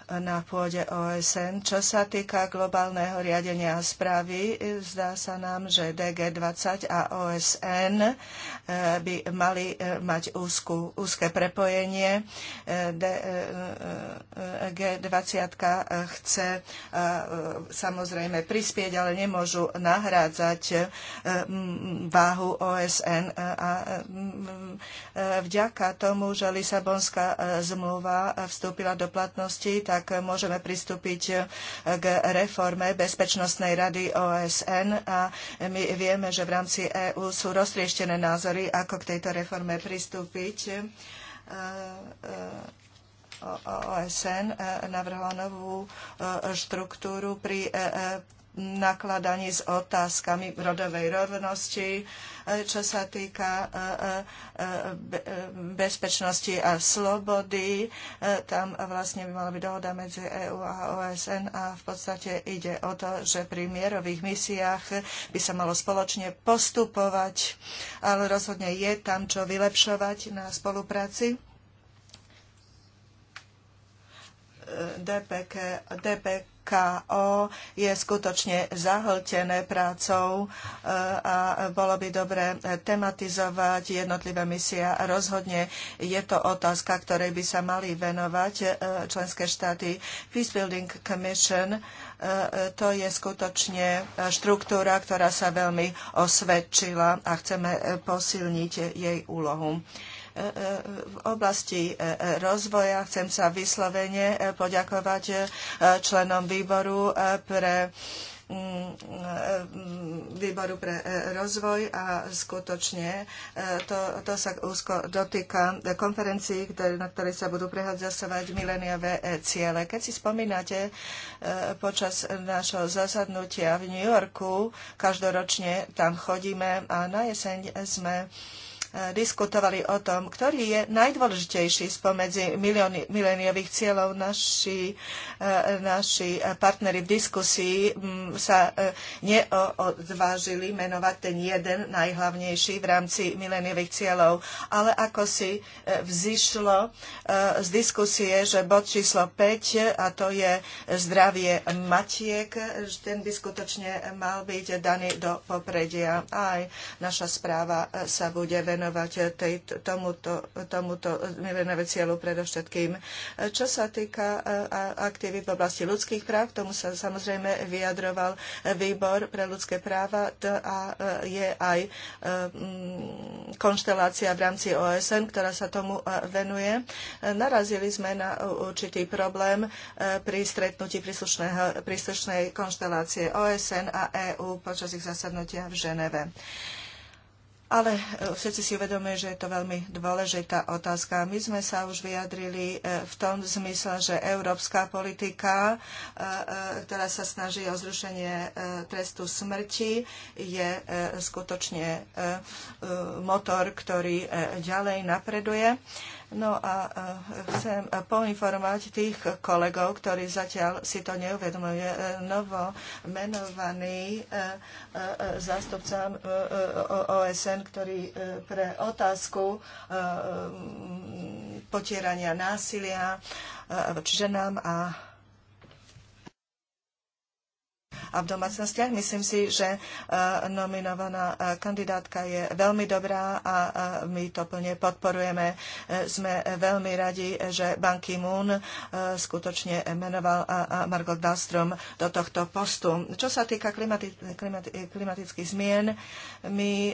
na pôde OSN. Čo sa týka globálneho riadenia a správy, zdá sa nám, že DG20 a OSN eh, by mali eh, mať úzku, úzke prepojenie. Eh, G20 chce samozrejme prispieť, ale nemôžu nahrádzať váhu OSN. A vďaka tomu, že Lisabonská zmluva vstúpila do platnosti, tá tak môžeme pristúpiť eh, k reforme Bezpečnostnej rady OSN a my vieme, že v rámci EÚ sú roztrieštené názory, ako k tejto reforme pristúpiť. Eh, eh, OSN navrhla novú štruktúru pri nakladaní s otázkami rodovej rovnosti, e, čo sa týka e, e, bezpečnosti a slobody. Tam vlastne by mala byť dohoda medzi EÚ a OSN a v podstate ide o to, že pri mierových misiách by sa malo spoločne postupovať, ale rozhodne je tam čo vylepšovať na spolupráci DPK, DPKO je skutočne zahltené prácou e, a bolo by dobre tematizovať jednotlivé a Rozhodne je to otázka, ktorej by sa mali venovať e, členské štáty. Peace Building Commission e, to je skutočne štruktúra, ktorá sa veľmi osvedčila a chceme posilniť jej úlohu. V oblasti e, e, rozvoja chcem sa vyslovene e, poďakovať členom výboru pre mm, výboru pre rozvoj a skutočne to, to sa úzko dotýka konferencií, na ktorej sa budú prehodzasovať mileniové ciele. Keď si spomínate počas nášho zasadnutia v New Yorku, každoročne tam chodíme a na jeseň sme diskutovali o tom, ktorý je najdôležitejší spomedzi miléniových cieľov. Naši, e, naši partnery v diskusii mm, sa e, neodvážili menovať ten jeden najhlavnejší v rámci miléniových cieľov, ale ako si e, vzýšlo z diskusie, že bod číslo 5, a to je zdravie matiek, ten by skutočne mal byť daný do popredia. Aj naša správa sa bude venovať venovať tej, tomuto, tomuto milenému cieľu predovšetkým. Čo sa týka aktivít v oblasti ľudských práv, tomu sa samozrejme vyjadroval výbor pre ľudské práva a je aj mm, konštelácia v rámci OSN, ktorá sa tomu venuje. Narazili sme na určitý problém e, pri stretnutí príslušnej konštelácie OSN a EÚ počas ich zasadnutia v Ženeve. Ale e, všetci si uvedomujú, že je to veľmi dôležitá otázka. My sme sa už vyjadrili e, v tom zmysle, že európska politika, e, ktorá sa snaží o zrušenie trestu smrti, je skutočne motor, ktorý ďalej napreduje. No a chcem poinformovať tých kolegov, ktorí zatiaľ si to neuvedomujú. E, novo menovaný e, e, zástupca OSN, ktorý pre otázku potierania násilia voči ženám a a v domácnostiach. Myslím si, že e, nominovaná e, kandidátka je veľmi dobrá a e, my to plne podporujeme. Sme veľmi radi, že Ban Ki-moon skutočne menoval Margot Dahlström do tohto postu. Čo sa týka klimati- klimati- klimatických zmien, my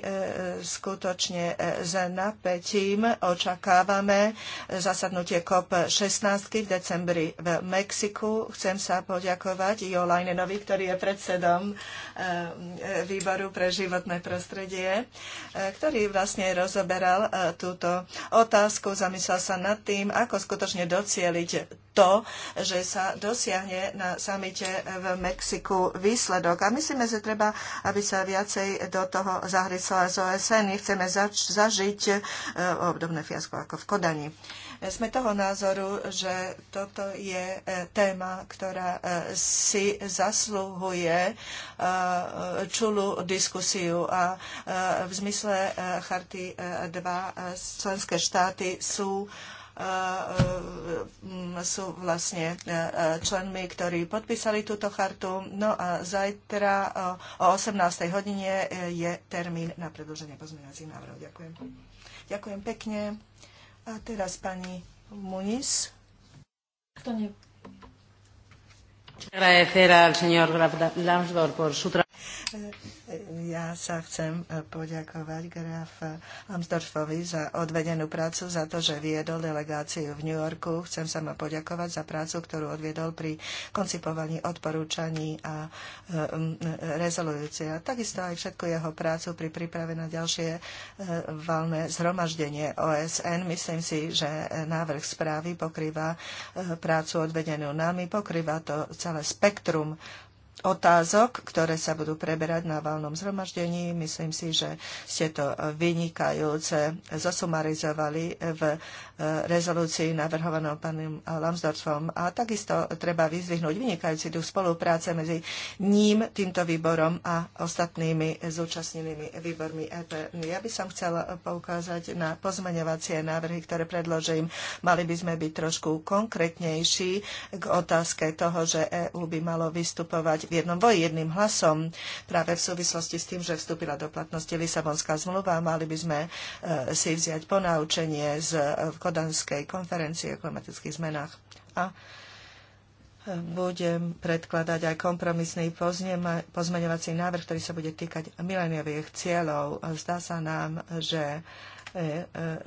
skutočne s napätím očakávame zasadnutie COP16 v decembri v Mexiku. Chcem sa poďakovať Jo Leinenovi, ktorý je predsedom eh, výboru pre životné prostredie, eh, ktorý vlastne rozoberal eh, túto otázku, zamyslel sa nad tým, ako skutočne docieliť to, že sa dosiahne na samite v Mexiku výsledok. A myslíme, že treba, aby sa viacej do toho zahrysla z OSN. Nechceme zač- zažiť obdobné fiasko ako v Kodani. Sme toho názoru, že toto je e, téma, ktorá e, si zaslúhuje e, čulú diskusiu a v zmysle Charty 2 členské štáty sú sú vlastne členmi, ktorí podpísali túto chartu. No a zajtra o 18. hodine je termín na predĺženie pozmeňovacích návrhov. Ďakujem. Ďakujem pekne. A teraz pani Muniz. Kto nie... Agradecer al señor Lambsdorff por su trabajo. E, ja sa chcem e, poďakovať graf Amsdorfovi za odvedenú prácu, za to, že viedol delegáciu v New Yorku. Chcem sa ma poďakovať za prácu, ktorú odviedol pri koncipovaní odporúčaní a e, rezolúcie. A takisto aj všetku jeho prácu pri príprave na ďalšie e, valné zhromaždenie OSN. Myslím si, že návrh správy pokrýva prácu odvedenú nami, pokrýva to celé spektrum otázok, ktoré sa budú preberať na valnom zhromaždení. Myslím si, že ste to vynikajúce zosumarizovali v e, rezolúcii navrhovanom pánom Lambsdorfom. A takisto treba vyzvihnúť vynikajúci duch spolupráce medzi ním, týmto výborom a ostatnými zúčastnenými výbormi EP. No, ja by som chcela poukázať na pozmeňovacie návrhy, ktoré predložím. Mali by sme byť trošku konkrétnejší k otázke toho, že EU by malo vystupovať hlasovať v jednom boji, jedným hlasom. Práve v súvislosti s tým, že vstúpila do platnosti Lisabonská zmluva, mali by sme e, si vziať ponaučenie z e, Kodanskej konferencie o klimatických zmenách. A e, budem predkladať aj kompromisný pozmeňovací návrh, ktorý sa bude týkať mileniových cieľov. Zdá sa nám, že E, e,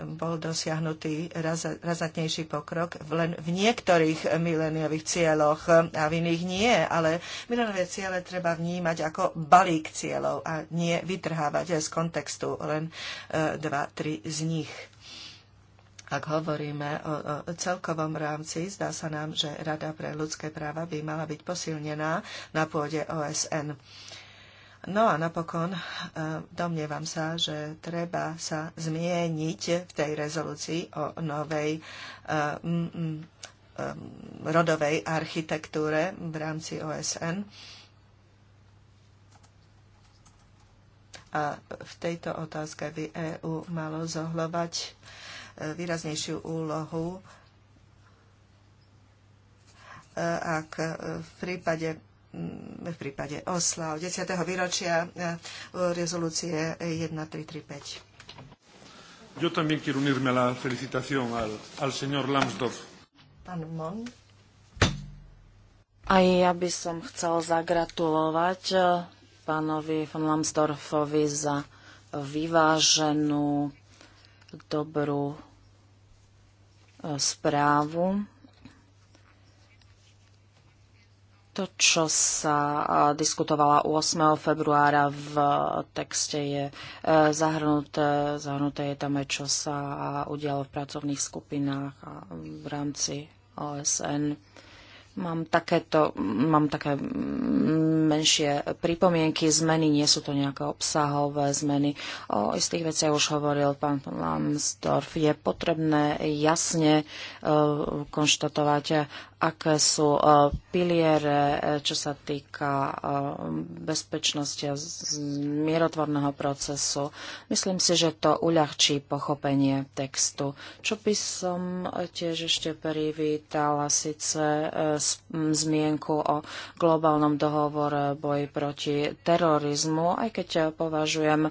bol dosiahnutý raz, razatnejší pokrok len v niektorých mileniových cieľoch a v iných nie, ale milenové ciele treba vnímať ako balík cieľov a nie vytrhávať z kontextu len e, dva, tri z nich. Ak hovoríme o, o celkovom rámci, zdá sa nám, že Rada pre ľudské práva by mala byť posilnená na pôde OSN. E, No a napokon e, domnievam sa, že treba sa zmieniť v tej rezolúcii o novej e, e, rodovej architektúre v rámci OSN. A v tejto otázke by EU malo zohľovať výraznejšiu úlohu, ak v prípade v prípade oslav 10. výročia e, rezolúcie 1335. Yo también quiero unirme a la felicitación al, al señor Lambsdorff. Pán Mon. A ja by som chcel zagratulovať e, pánovi von Lambsdorffovi za vyváženú, dobrú e, správu. To, čo sa diskutovala 8. februára v texte je e, zahrnuté. Zahrnuté je tam aj, čo sa udialo v pracovných skupinách a v rámci OSN. Mám, takéto, mám také menšie pripomienky, zmeny, nie sú to nejaké obsahové zmeny. O istých veciach už hovoril pán Lambsdorff. Je potrebné jasne uh, konštatovať, aké sú uh, piliere, e, čo sa týka uh, bezpečnosti a mierotvorného procesu. Myslím si, že to uľahčí pochopenie textu. Čo by som tiež ešte privítala, síce zmienku o globálnom dohovore boj proti terorizmu, aj keď ja považujem e,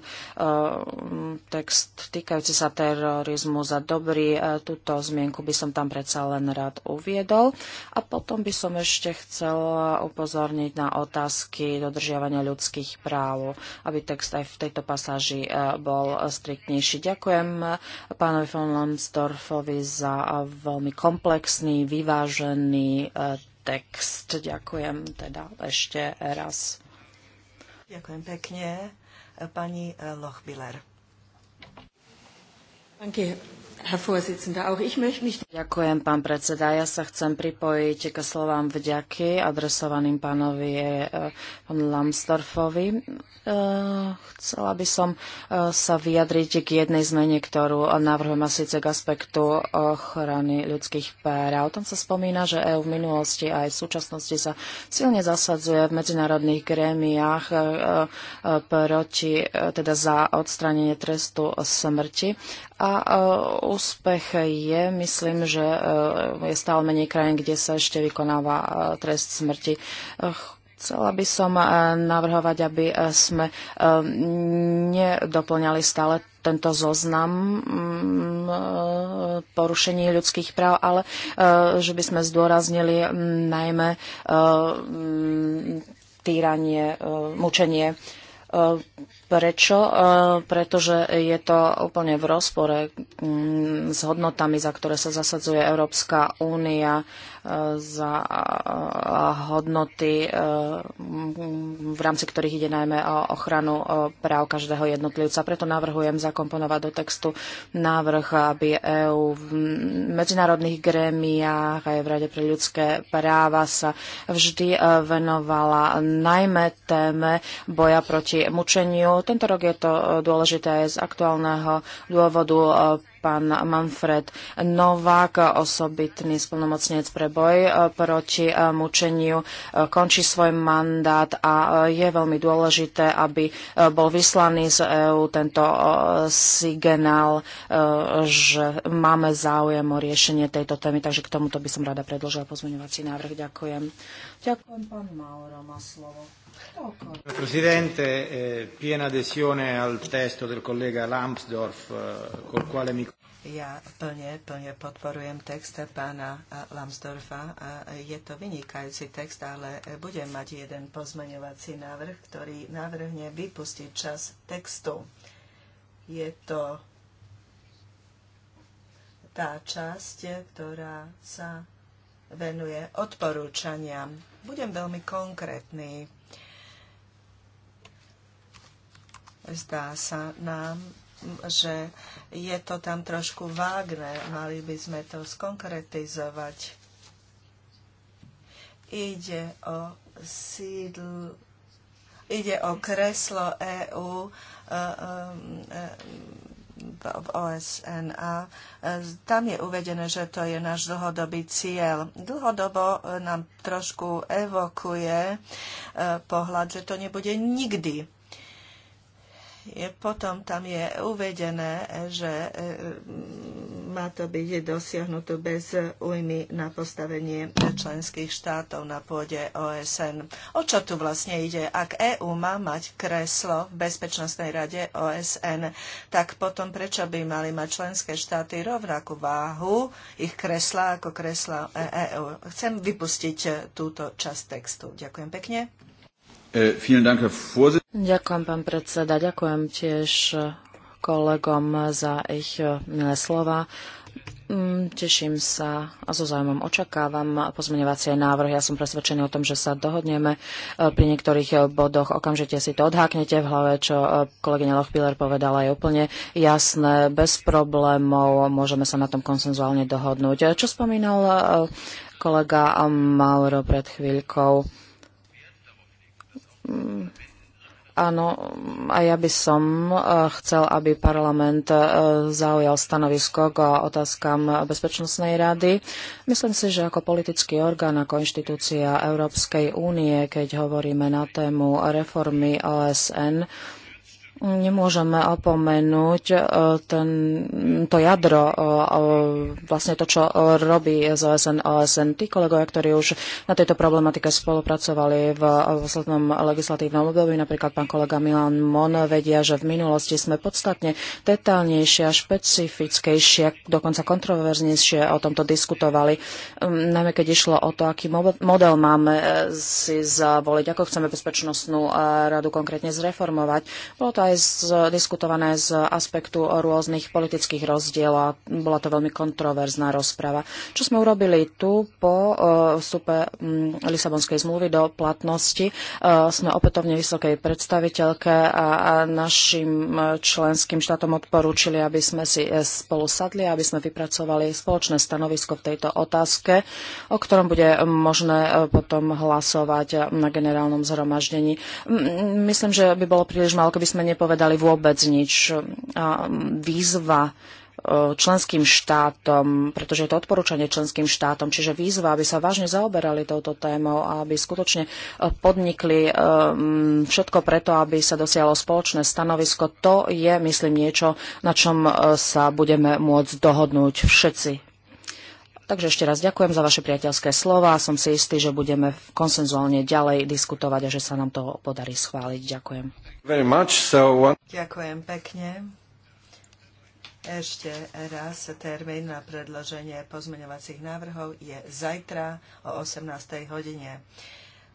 text týkajúci sa terorizmu za dobrý, e, túto zmienku by som tam predsa len rád uviedol. A potom by som ešte chcela upozorniť na otázky dodržiavania ľudských práv, aby text aj v tejto pasáži e, bol striktnejší. Ďakujem pánovi von Lansdorfovi za veľmi komplexný, vyvážený text. Ďakujem teda ešte raz. Ďakujem pekne. Pani Lochbiller. Danke, Ďakujem, pán predseda. Ja sa chcem pripojiť k slovám vďaky adresovaným pánovi eh, Lambsdorfovi. Eh, chcela by som eh, sa vyjadriť k jednej zmene, ktorú navrhujem a síce k aspektu ochrany ľudských O Tam sa spomína, že EU v minulosti aj v súčasnosti sa silne zasadzuje v medzinárodných grémiách proti, teda za odstranenie trestu smrti a e, úspech je, myslím, že e, je stále menej krajín, kde sa ešte vykonáva e, trest smrti. Chcela by som navrhovať, aby sme nedoplňali stále tento zoznam mm, porušení ľudských práv, ale že by sme zdôraznili najmä týranie, mučenie Prečo? E, pretože je to úplne v rozpore mm, s hodnotami, za ktoré sa zasadzuje Európska únia za hodnoty, e, v rámci ktorých ide najmä o ochranu e, práv každého jednotlivca. Preto navrhujem zakomponovať do textu návrh, aby EÚ v medzinárodných grémiách aj v Rade pre ľudské práva sa vždy e, venovala najmä téme boja proti mučeniu. Tento rok je to dôležité aj z aktuálneho dôvodu pán Manfred Novák, osobitný splnomocnec pre boj e, proti e, mučeniu, e, končí svoj mandát a je veľmi dôležité, aby bol vyslaný z EÚ tento signál, že máme záujem o riešenie tejto témy, takže k tomuto by som rada predložila pozmeňovací návrh. Ďakujem. Ďakujem, pán Mauro má slovo. Presidente, eh, piena adesione al testo del collega Lambsdorff, eh, col quale mi... Ja plne, plne podporujem text pána eh, Lambsdorfa. Je to vynikajúci text, ale budem mať jeden pozmeňovací návrh, ktorý navrhne vypustiť čas textu. Je to tá časť, ktorá sa venuje odporúčaniam. Budem veľmi konkrétny. Zdá sa nám, že je to tam trošku vágne. Mali by sme to skonkretizovať. Ide o sídl, ide o kreslo EÚ v OSN a e, tam je uvedené, že to je náš dlhodobý cieľ. Dlhodobo nám trošku evokuje e, pohľad, že to nebude nikdy je, potom tam je uvedené, že e, má to byť dosiahnuto bez újmy na postavenie členských štátov na pôde OSN. O čo tu vlastne ide? Ak EÚ má mať kreslo v Bezpečnostnej rade OSN, tak potom prečo by mali mať členské štáty rovnakú váhu ich kresla ako kresla EÚ? E Chcem vypustiť e, túto časť textu. Ďakujem pekne. Ďakujem, pán predseda. Ďakujem tiež kolegom za ich e, milé slova. Mm, teším sa a so zaujímavým očakávam pozmeňovacie návrhy. Ja som presvedčený o tom, že sa dohodneme. E, pri niektorých e, bodoch okamžite si to odháknete v hlave, čo kolegyňa Lochpiller povedala je úplne jasné, bez problémov, môžeme sa na tom konsenzuálne dohodnúť. Čo spomínal kolega Mauro pred chvíľkou? Mm, áno, a ja by som eh, chcel, aby parlament eh, zaujal stanovisko k otázkam Bezpečnostnej rady. Myslím si, že ako politický orgán, ako inštitúcia Európskej únie, keď hovoríme na tému reformy OSN, Nemôžeme opomenúť e, ten, to jadro, e, e, vlastne to, čo robí z OSN OSN. Tí kolegovia, ktorí už na tejto problematike spolupracovali v poslednom legislatívnom období, napríklad pán kolega Milan Mon, vedia, že v minulosti sme podstatne detálnejšie a špecifickejšie, dokonca kontroverznejšie o tomto diskutovali. Ehm, najmä keď išlo o to, aký model máme si zavoliť, ako chceme bezpečnostnú radu konkrétne zreformovať. Bolo to aj z diskutované z aspektu rôznych politických rozdielov a bola to veľmi kontroverzná rozprava. Čo sme urobili tu po e, vstupe mm, Lisabonskej zmluvy do platnosti, e, sme opätovne vysokej predstaviteľke a našim e, členským štátom odporúčili, aby sme si spolu sadli, aby sme vypracovali spoločné stanovisko v tejto otázke, o ktorom bude možné potom hlasovať na generálnom zhromaždení. Myslím, že by bolo príliš málo, keby sme nepo nepovedali vôbec nič. Výzva e, členským štátom, pretože je to odporúčanie členským štátom, čiže výzva, aby sa vážne zaoberali touto témou a aby skutočne e, podnikli e, všetko preto, aby sa dosialo spoločné stanovisko. To je, myslím, niečo, na čom sa budeme môcť dohodnúť všetci. Takže ešte raz ďakujem za vaše priateľské slova. Som si istý, že budeme konsenzuálne ďalej diskutovať a že sa nám to podarí schváliť. Ďakujem. So... Ďakujem pekne. Ešte raz termín na predloženie pozmeňovacích návrhov je zajtra o 18. hodine.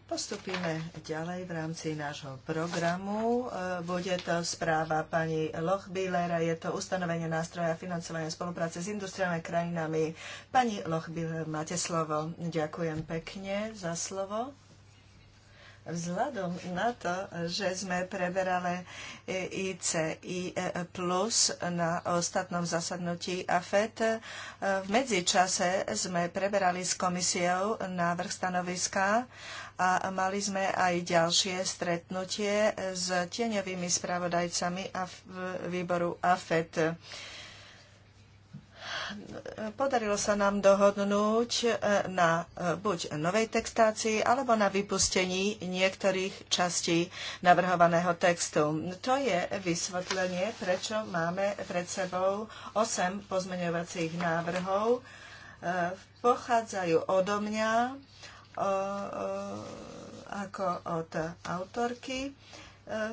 Postupíme ďalej v rámci nášho programu. E, bude to správa pani Lochbillera. Je to ustanovenie nástroja financovania spolupráce s industriálnymi krajinami. Pani Lochbiller, máte slovo. Ďakujem pekne za slovo. Vzhľadom na to, že sme preberali ICI e, e, plus na ostatnom zasadnutí AFET, e, v medzičase sme preberali s komisiou návrh stanoviska a mali sme aj ďalšie stretnutie s tieňovými spravodajcami výboru AFET podarilo sa nám dohodnúť e, na e, buď novej textácii alebo na vypustení niektorých častí navrhovaného textu. To je vysvetlenie, prečo máme pred sebou 8 pozmeňovacích návrhov. E, pochádzajú odo mňa ako od autorky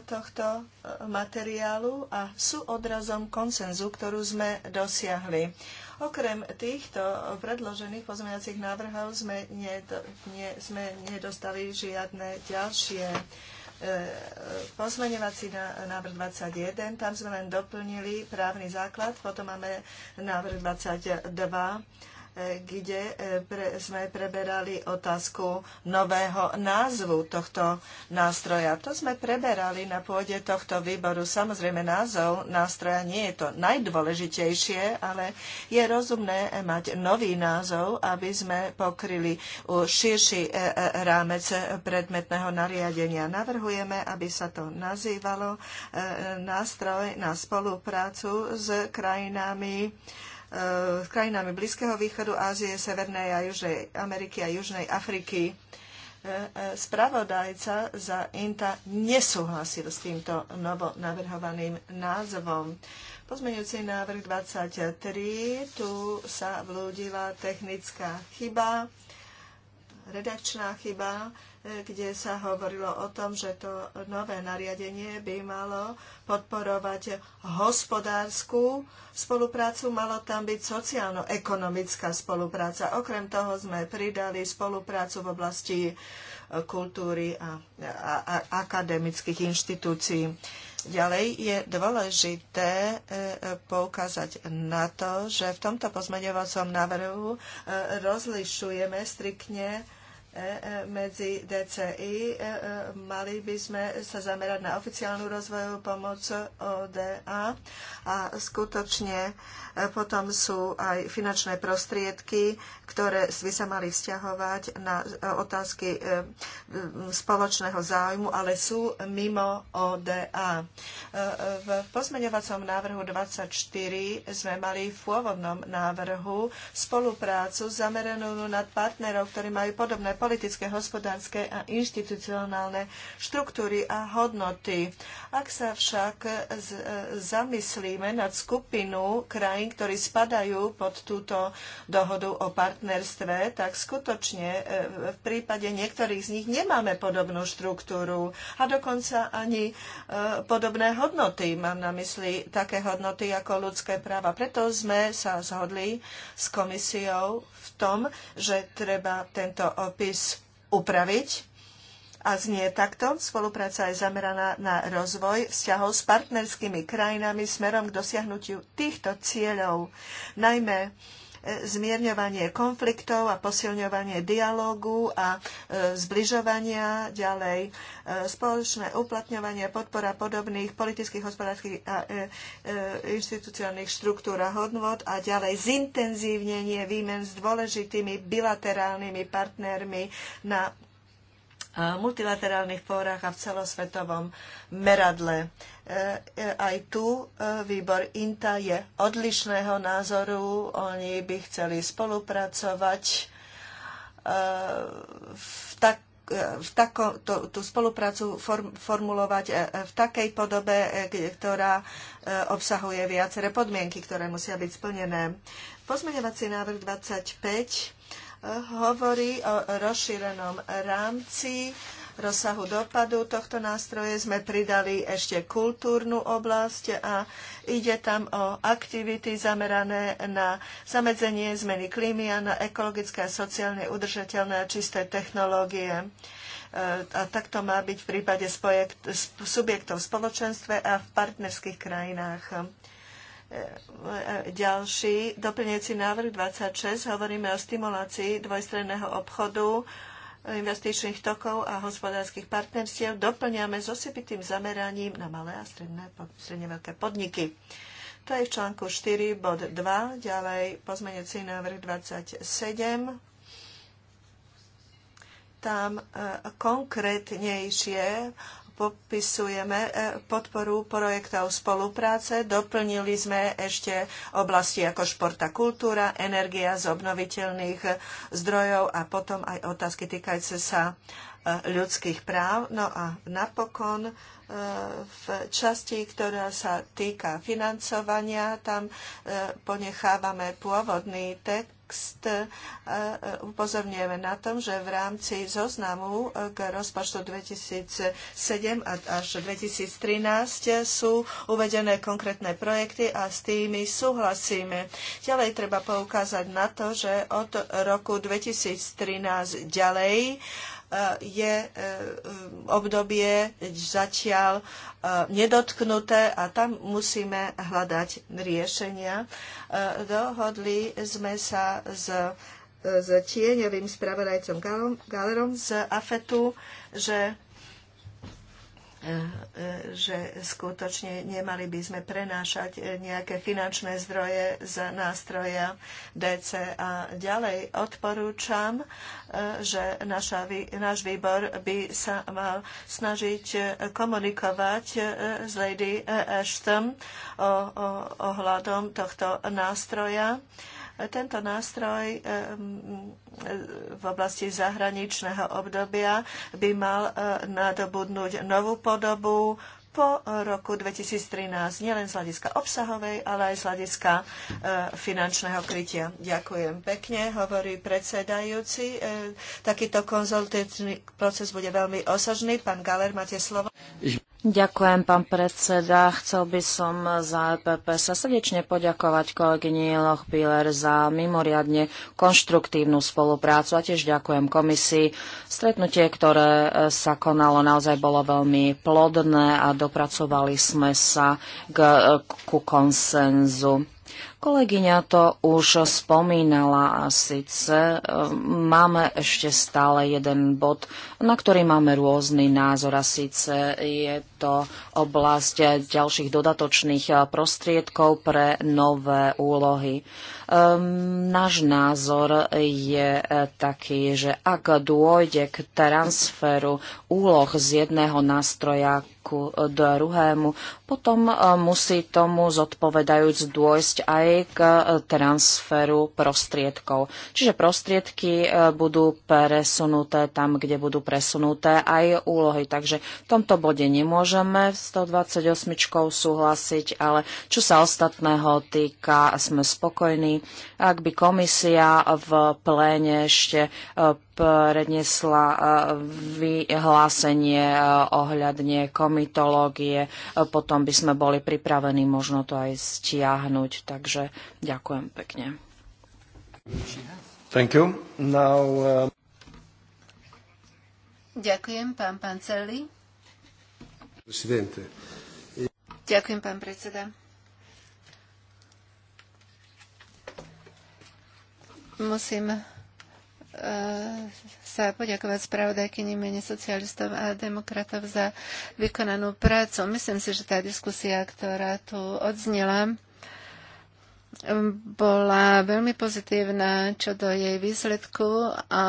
tohto e, materiálu a sú odrazom konsenzu, ktorú sme dosiahli. Okrem týchto predložených pozmeňacích návrhov sme, nedo, sme nedostali žiadne ďalšie e, pozmeňovací návrh 21, tam sme len doplnili právny základ, potom máme návrh 22 kde e, pre, sme preberali otázku nového názvu tohto nástroja. To sme preberali na pôde tohto výboru. Samozrejme, názov nástroja nie je to najdôležitejšie, ale je rozumné mať nový názov, aby sme pokryli širší e, e, rámec predmetného nariadenia. Navrhujeme, aby sa to nazývalo nástroj na spoluprácu s krajinami, E, s krajinami Blízkeho východu, Ázie, Severnej a Južnej Ameriky a Južnej Afriky. E, e, spravodajca za INTA nesúhlasil s týmto novo navrhovaným názvom. Pozmeňujúci návrh 23, tu sa vlúdila technická chyba, redakčná chyba kde sa hovorilo o tom, že to nové nariadenie by malo podporovať hospodárskú spoluprácu, malo tam byť sociálno-ekonomická spolupráca. Okrem toho sme pridali spoluprácu v oblasti e, kultúry a, a, a akademických inštitúcií. Ďalej je dôležité e, poukázať na to, že v tomto pozmeňovacom návrhu e, rozlišujeme striktne medzi DCI. E, e, mali by sme sa zamerať na oficiálnu rozvojovú pomoc ODA a skutočne e, potom sú aj finančné prostriedky ktoré by sa mali vzťahovať na e, otázky e, spoločného záujmu, ale sú mimo ODA. E, v pozmeňovacom návrhu 24 sme mali v pôvodnom návrhu spoluprácu zameranú nad partnerov, ktorí majú podobné politické, hospodárske a inštitucionálne štruktúry a hodnoty. Ak sa však zamyslíme nad skupinu krajín, ktorí spadajú pod túto dohodu o partnerstve, partnerstve, tak skutočne e, v prípade niektorých z nich nemáme podobnú štruktúru a dokonca ani e, podobné hodnoty. Mám na mysli také hodnoty ako ľudské práva. Preto sme sa zhodli s komisiou v tom, že treba tento opis upraviť a znie takto. Spolupráca je zameraná na rozvoj vzťahov s partnerskými krajinami smerom k dosiahnutiu týchto cieľov, najmä zmierňovanie konfliktov a posilňovanie dialógu a e, zbližovania ďalej, e, spoločné uplatňovanie podpora podobných politických, hospodárskych a e, inštitucionálnych štruktúr a hodnot a ďalej zintenzívnenie výmen s dôležitými bilaterálnymi partnermi na Eh, multilaterálnych fórach a v celosvetovom meradle. Eh, eh, aj tu výbor INTA je odlišného názoru. Oni by chceli spolupracovať v tak v tako, to, tú spoluprácu form, formulovať v takej podobe, ktorá obsahuje viaceré podmienky, ktoré musia byť splnené. Pozmeňovací návrh 25 hovorí o rozšírenom rámci rozsahu dopadu tohto nástroje sme pridali ešte kultúrnu oblasť a ide tam o aktivity zamerané na zamedzenie zmeny klímy a na ekologické a sociálne udržateľné a čisté technológie e, a tak to má byť v prípade subjektov v spoločenstve a v partnerských krajinách. E, ďalší doplňujúci návrh 26 hovoríme o stimulácii dvojstredného obchodu investičných tokov a hospodárskych partnerstiev doplňame s osypitým zameraním na malé a stredné, stredne veľké podniky. To je v článku 4, bod 2, ďalej pozmenujúci návrh 27. Tam e, konkrétnejšie popisujeme e, podporu projektov spolupráce. Doplnili sme ešte oblasti ako šport a kultúra, energia z obnoviteľných zdrojov a potom aj otázky týkajúce sa e, ľudských práv. No a napokon e, v časti, ktorá sa týka financovania, tam ponechávame pôvodný text text e, e, upozorňujeme na tom, že v rámci zoznamu e, k rozpočtu 2007 až 2013 sú uvedené konkrétne projekty a s tými súhlasíme. Ďalej treba poukázať na to, že od roku 2013 ďalej E, je e, obdobie zatiaľ e, nedotknuté a tam musíme hľadať riešenia. Dohodli sme sa s s tieňovým spravodajcom Galerom z AFETu, že že skutočne nemali by sme prenášať eh, nejaké finančné zdroje z nástroja DC a ďalej odporúčam, eh, že naša, náš výbor by sa mal snažiť eh, komunikovať s Lady Ashton o, o, ohľadom tohto nástroja. Tento nástroj v oblasti zahraničného obdobia by mal eh, nadobudnúť novú podobu po roku 2013, nielen z hľadiska obsahovej, ale aj z hľadiska eh, finančného krytia. Ďakujem pekne, hovorí predsedajúci. Eh, takýto konzultačný proces bude veľmi osožný. Pán Galer, máte slovo. Ich... Ďakujem, pán predseda. Chcel by som za EPP sa srdečne poďakovať kolegyni Lochbiller za mimoriadne konštruktívnu spoluprácu a tiež ďakujem komisii. Stretnutie, ktoré e, sa konalo, naozaj bolo veľmi plodné a dopracovali sme sa k, e, ku konsenzu. Kolegyňa to už spomínala a síce e, máme ešte stále jeden bod, na ktorý máme rôzny názor a síce je to oblasť ďalších dodatočných prostriedkov pre nové úlohy. Ehm, náš názor je eh, taký, že ak dôjde k transferu úloh z jedného nástroja ku eh, druhému, potom eh, musí tomu zodpovedajúc dôjsť aj k transferu prostriedkov. Čiže prostriedky budú presunuté tam, kde budú presunuté aj úlohy. Takže v tomto bode nemôžeme 128 súhlasiť, ale čo sa ostatného týka, sme spokojní ak by komisia v pléne ešte e, prednesla e, vyhlásenie e, ohľadne komitológie, potom by sme boli pripravení možno to aj stiahnuť. Takže ďakujem pekne. Thank you. Now, uh... Ďakujem, pán Pancelli. Presidente. Ďakujem, pán predseda. musím e, sa poďakovať spravodajkyni mene socialistov a demokratov za vykonanú prácu. Myslím si, že tá diskusia, ktorá tu odznela, bola veľmi pozitívna čo do jej výsledku a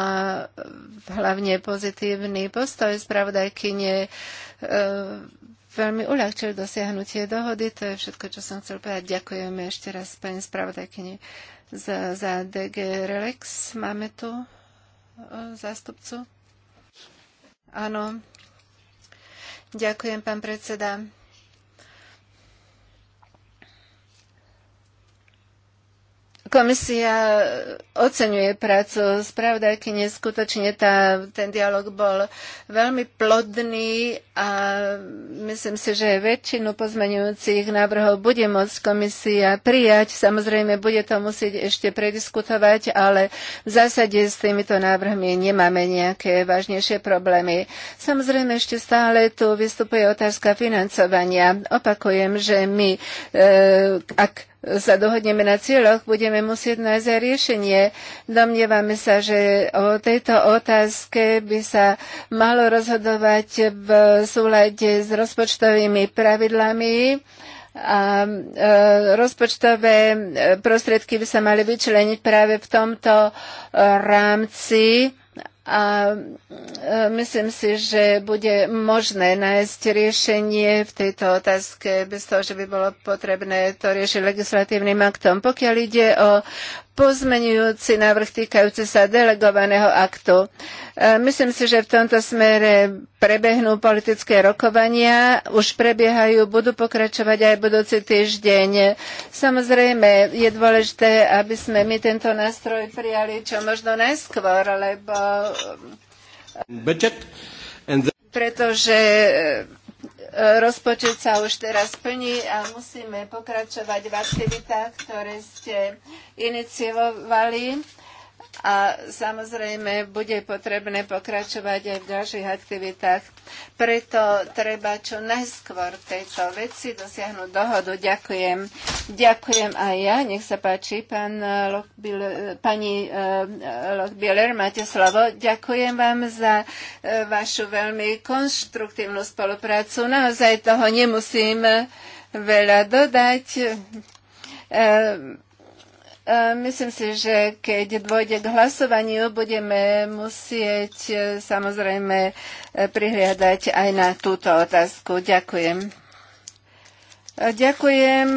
hlavne pozitívny postoj spravodajkyne e, veľmi uľahčil dosiahnutie dohody. To je všetko, čo som chcel povedať. Ďakujeme ešte raz pani spravodajkyni za, za DG Relax. Máme tu e, zástupcu? Áno. Ďakujem, pán predseda. Komisia oceňuje prácu spravodajkyne. skutočne tá, ten dialog bol veľmi plodný a myslím si, že väčšinu pozmeňujúcich návrhov bude môcť komisia prijať. Samozrejme, bude to musieť ešte prediskutovať, ale v zásade s týmito návrhmi nemáme nejaké vážnejšie problémy. Samozrejme, ešte stále tu vystupuje otázka financovania. Opakujem, že my, e, ak sa dohodneme na cieľoch, budeme musieť nájsť aj riešenie. Domnievame sa, že o tejto otázke by sa malo rozhodovať v súlade s rozpočtovými pravidlami a e, rozpočtové e, prostriedky by sa mali vyčleniť práve v tomto e, rámci a e, myslím si, že bude možné nájsť riešenie v tejto otázke bez toho, že by bolo potrebné to riešiť legislatívnym aktom. Pokiaľ ide o pozmenujúci návrh týkajúci sa delegovaného aktu. E, myslím si, že v tomto smere prebehnú politické rokovania, už prebiehajú, budú pokračovať aj budúci týždeň. Samozrejme, je dôležité, aby sme my tento nástroj prijali čo možno najskôr, lebo... Budget pretože Rozpočet sa už teraz plní a musíme pokračovať v aktivitách, ktoré ste iniciovali a samozrejme bude potrebné pokračovať aj v ďalších aktivitách. Preto treba čo najskôr tejto veci dosiahnuť dohodu. Ďakujem. Ďakujem aj ja. Nech sa páči, pán eh, Lochbiller, eh, pani eh, Lochbiller, máte slovo. Ďakujem vám za vašu veľmi konštruktívnu spoluprácu. Naozaj toho nemusím veľa dodať E, myslím si, že keď dôjde k hlasovaniu, budeme musieť e, samozrejme e, prihliadať aj na túto otázku. Ďakujem. Ďakujem.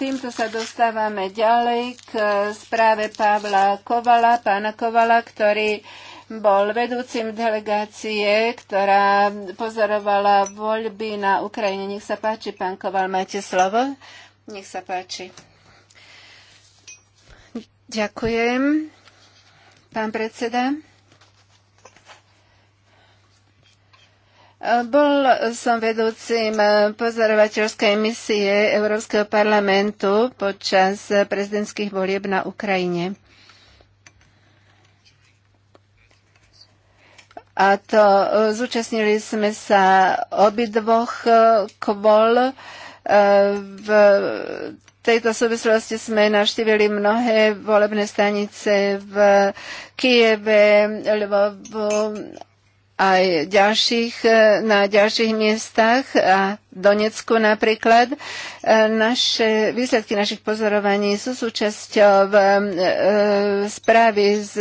Týmto sa dostávame ďalej k správe Pavla Kovala, pána Kovala, ktorý bol vedúcim delegácie, ktorá pozorovala voľby na Ukrajine. Nech sa páči, pán Koval, máte slovo. Nech sa páči. Ďakujem, pán predseda. Bol som vedúcim pozorovateľskej misie Európskeho parlamentu počas prezidentských volieb na Ukrajine. A to zúčastnili sme sa obidvoch kvôl eh, v v tejto súvislosti sme navštívili mnohé volebné stanice v Kieve, Lvovu aj ďalších, na ďalších miestach a Donecku napríklad. E, naše, výsledky našich pozorovaní sú súčasťou v, e, e, správy z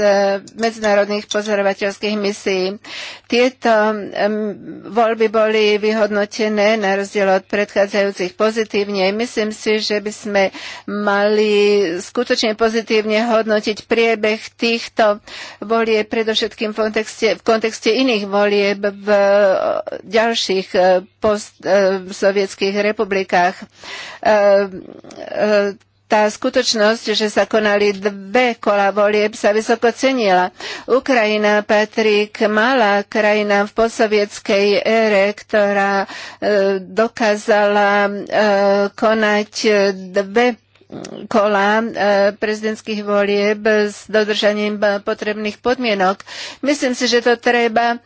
medzinárodných pozorovateľských misií. Tieto voľby boli vyhodnotené na rozdiel od predchádzajúcich pozitívne. Myslím si, že by sme mali skutočne pozitívne hodnotiť priebeh týchto volie predovšetkým v kontexte, v kontexte iných volieb v ďalších post, v sovietských republikách e, e, tá skutočnosť, že sa konali dve kola volieb, sa vysoko cenila. Ukrajina patrí k malá krajina v posovietskej ére, ktorá e, dokázala e, konať dve kola e, prezidentských volieb s dodržaním potrebných podmienok. Myslím si, že to treba e,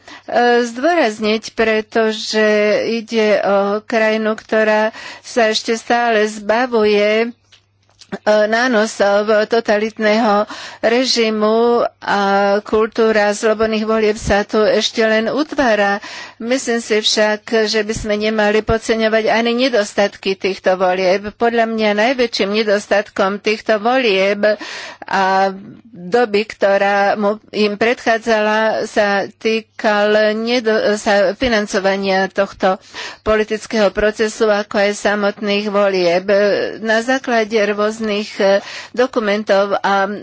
zdôrazniť, pretože ide o krajinu, ktorá sa ešte stále zbavuje E, nánosov e, totalitného režimu a kultúra slobodných volieb sa tu ešte len utvára. Myslím si však, že by sme nemali podceňovať ani nedostatky týchto volieb. Podľa mňa najväčším nedostatkom týchto volieb a doby, ktorá mu im predchádzala, sa týkal nedo- sa financovania tohto politického procesu, ako aj samotných volieb. Na základe rôznych rôznych e, dokumentov a e,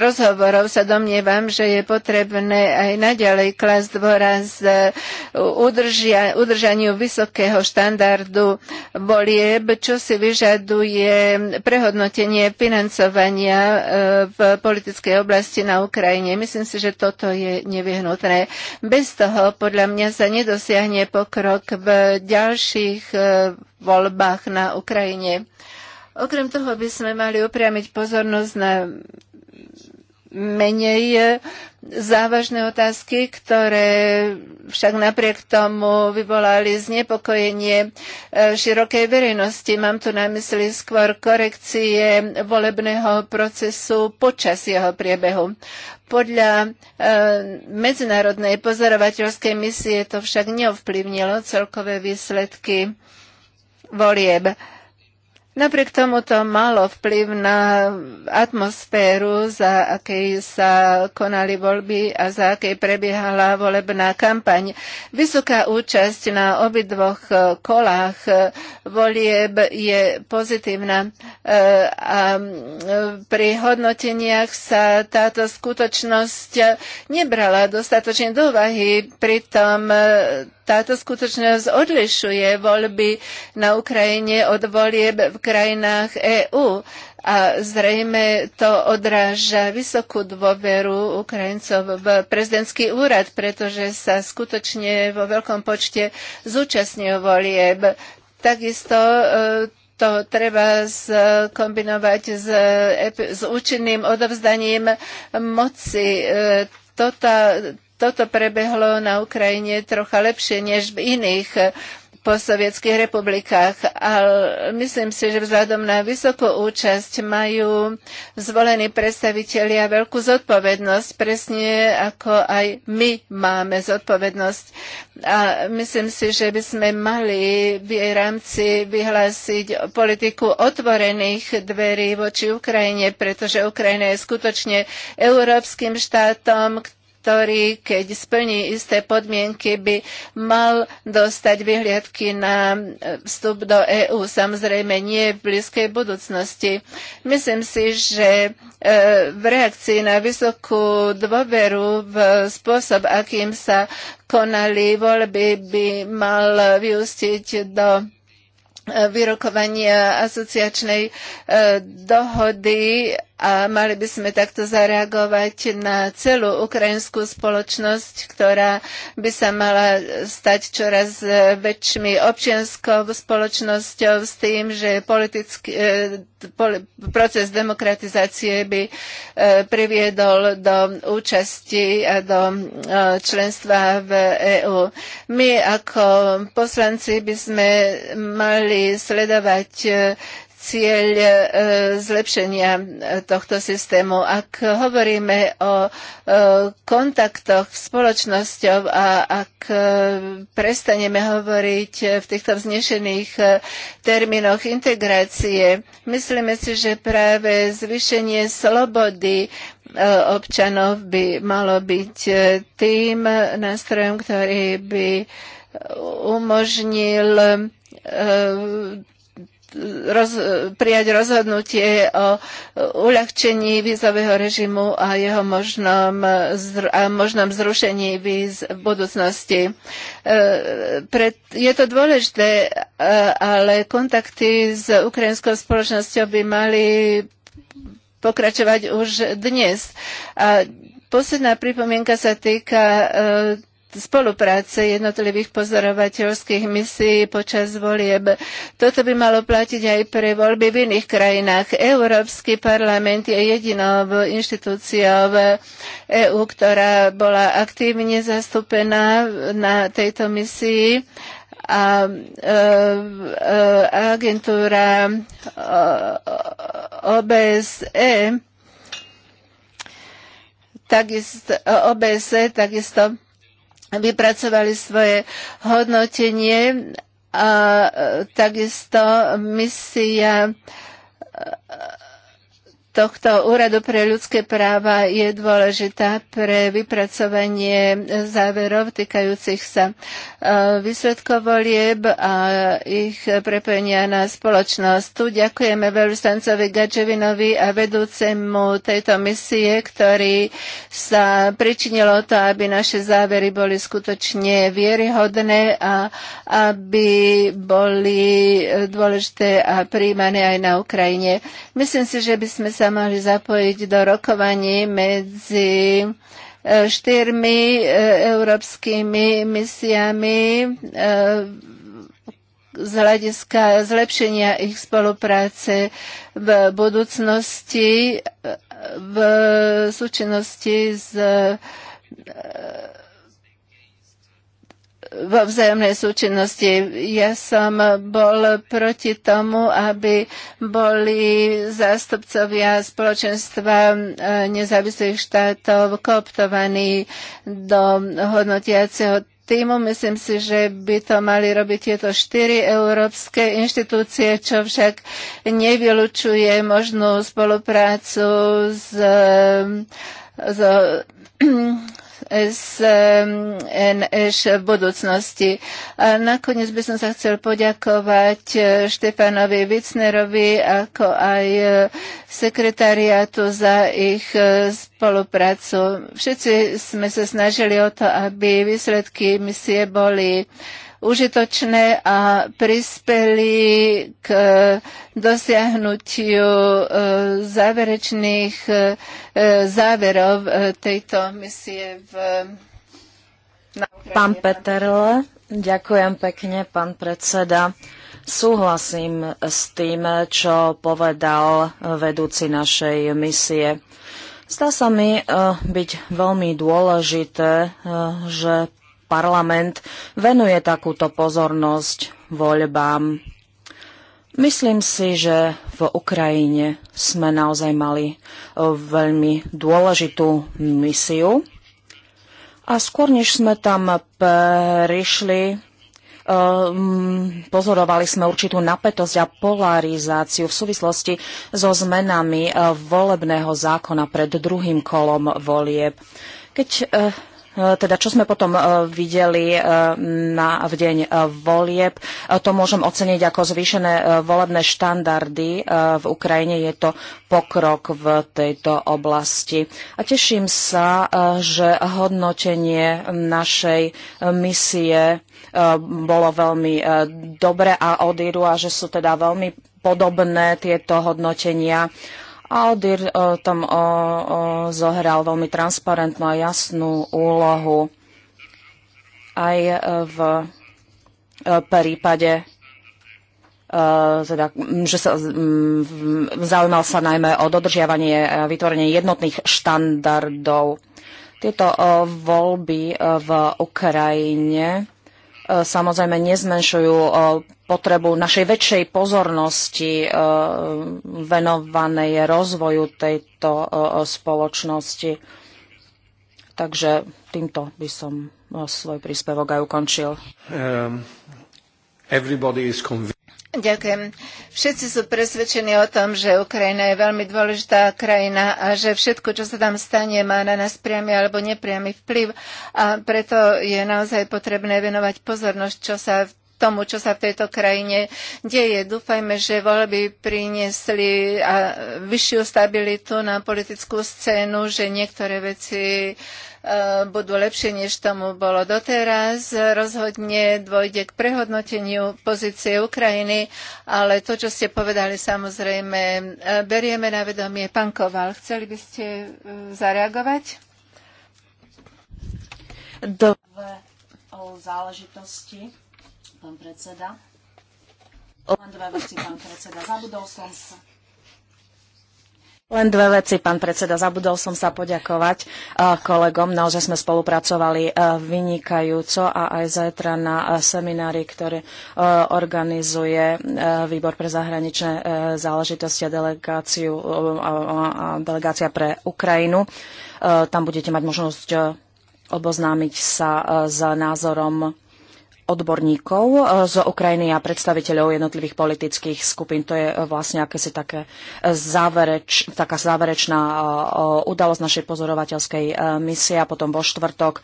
rozhovorov sa domnievam, že je potrebné aj naďalej klásť dôraz e, udržia, udržaniu vysokého štandardu volieb, čo si vyžaduje prehodnotenie financovania v politickej oblasti na Ukrajine. Myslím si, že toto je nevyhnutné. Bez toho podľa mňa sa nedosiahne pokrok v ďalších voľbách na Ukrajine. Okrem toho by sme mali upriamiť pozornosť na menej závažné otázky, ktoré však napriek tomu vyvolali znepokojenie e, širokej verejnosti. Mám tu na mysli skôr korekcie volebného procesu počas jeho priebehu. Podľa e, medzinárodnej pozorovateľskej misie to však neovplyvnilo celkové výsledky volieb. Napriek tomu to malo vplyv na atmosféru, za akej sa konali voľby a za akej prebiehala volebná kampaň. Vysoká účasť na obidvoch kolách volieb je pozitívna e, a e, pri hodnoteniach sa táto skutočnosť nebrala dostatočne do úvahy, pritom e, táto skutočnosť odlišuje voľby na Ukrajine od volieb v krajinách EÚ a zrejme to odráža vysokú dôveru Ukrajincov v prezidentský úrad, pretože sa skutočne vo veľkom počte zúčastňujú volieb. Takisto e, to treba skombinovať s, e, s účinným odovzdaním moci. Toto, e, toto prebehlo na Ukrajine trocha lepšie než v iných eh, postsovietských republikách. Ale myslím si, že vzhľadom na vysokú účasť majú zvolení predstavitelia veľkú zodpovednosť, presne ako aj my máme zodpovednosť. A myslím si, že by sme mali v jej rámci vyhlásiť politiku otvorených dverí voči Ukrajine, pretože Ukrajina je skutočne európskym štátom, ktorý, keď splní isté podmienky, by mal dostať vyhliadky na e, vstup do EÚ. Samozrejme nie v blízkej budúcnosti. Myslím si, že e, v reakcii na vysokú dôveru v spôsob, akým sa konali voľby, by mal vyústiť do e, vyrokovania asociačnej dohody a mali by sme takto zareagovať na celú ukrajinskú spoločnosť, ktorá by sa mala stať čoraz väčšmi občianskou spoločnosťou s tým, že politický, e, proces demokratizácie by e, priviedol do účasti a do e, členstva v EÚ. My ako poslanci by sme mali sledovať cieľ e, zlepšenia e, tohto systému. Ak hovoríme o e, kontaktoch s spoločnosťou a ak prestaneme hovoriť v týchto vznešených termínoch integrácie, myslíme si, že práve zvýšenie slobody občanov by malo byť tým nástrojom, ktorý by umožnil roz, prijať rozhodnutie o uľahčení vízového režimu a jeho možnom, a možnom zrušení víz v budúcnosti. E, je to dôležité, e, ale kontakty s ukrajinskou spoločnosťou by mali pokračovať už dnes. A Posledná pripomienka sa týka e, spolupráce jednotlivých pozorovateľských misií počas volieb. Toto by malo platiť aj pre voľby v iných krajinách. Európsky parlament je jedinou inštitúciou EÚ, ktorá bola aktívne zastúpená na tejto misii a e, e, agentúra OBSE takisto, OBSE takisto vypracovali svoje hodnotenie a e, takisto misia e, tohto úradu pre ľudské práva je dôležitá pre vypracovanie záverov týkajúcich sa E, výsledkov volieb a ich prepojenia na spoločnosť. Tu ďakujeme veľvyslancovi Gačevinovi a vedúcemu tejto misie, ktorý sa pričinilo to, aby naše závery boli skutočne vieryhodné a aby boli dôležité a príjmané aj na Ukrajine. Myslím si, že by sme sa mohli zapojiť do rokovaní medzi štyrmi e, európskymi misiami e, z hľadiska zlepšenia ich spolupráce v budúcnosti e, v súčinnosti s vo vzájomnej súčinnosti. Ja som bol proti tomu, aby boli zástupcovia spoločenstva e, nezávislých štátov kooptovaní do hodnotiaceho týmu. Myslím si, že by to mali robiť tieto štyri európske inštitúcie, čo však nevylučuje možnú spoluprácu s, e, s z NŠ v budúcnosti. A nakoniec by som sa chcel poďakovať e, Štefanovi Vicnerovi, ako aj e, sekretariátu za ich e, spoluprácu. Všetci sme sa snažili o to, aby výsledky misie boli užitočné a prispeli k e, dosiahnutiu e, záverečných e, záverov tejto misie v Pán Peterle, ďakujem pekne, pán predseda. Súhlasím s tým, čo povedal vedúci našej misie. Zdá sa mi byť veľmi dôležité, že parlament venuje takúto pozornosť voľbám. Myslím si, že v Ukrajine sme naozaj mali e, veľmi dôležitú misiu. A skôr, než sme tam prišli, e, pozorovali sme určitú napätosť a polarizáciu v súvislosti so zmenami e, volebného zákona pred druhým kolom volieb. Keď E, teda čo sme potom e, videli e, na, v deň volieb, to môžem oceniť ako zvýšené volebné štandardy v Ukrajine. Je to pokrok v tejto oblasti. A teším sa, že hodnotenie našej misie bolo veľmi dobre a odíru a že sú teda veľmi podobné tieto hodnotenia Audir eh, tam eh, eh, zohral veľmi transparentnú a jasnú úlohu aj v prípade teda, že sa, zaujímal sa najmä o dodržiavanie a vytvorenie jednotných štandardov. Tieto voľby v Ukrajine E, samozrejme nezmenšujú e, potrebu našej väčšej pozornosti e, venovanej rozvoju tejto spoločnosti. Takže týmto by som svoj príspevok aj ukončil. Um, Ďakujem. Všetci sú presvedčení o tom, že Ukrajina je veľmi dôležitá krajina a že všetko, čo sa tam stane, má na nás priamy alebo nepriamy vplyv a preto je naozaj potrebné venovať pozornosť, čo sa v tomu, čo sa v tejto krajine deje. Dúfajme, že voľby priniesli vyššiu stabilitu na politickú scénu, že niektoré veci Eh, budú lepšie, než tomu bolo doteraz. Rozhodne dôjde k prehodnoteniu pozície Ukrajiny, ale to, čo ste povedali, samozrejme eh, berieme na vedomie. Pán Koval, chceli by ste eh, zareagovať? O záležitosti, pán predseda. Len dve veci, pán predseda. Zabudol som sa len dve veci, pán predseda. Zabudol som sa poďakovať eh, kolegom. Naozaj sme spolupracovali eh, vynikajúco a aj zajtra na eh, seminári, ktorý organizuje Výbor pre zahraničné záležitosti a delegáciu, a delegácia pre Ukrajinu. Tam budete mať možnosť oboznámiť sa s názorom odborníkov e, z Ukrajiny a predstaviteľov jednotlivých politických skupín. To je e, vlastne akési také závereč, taká záverečná e, udalosť našej pozorovateľskej misie a potom vo štvrtok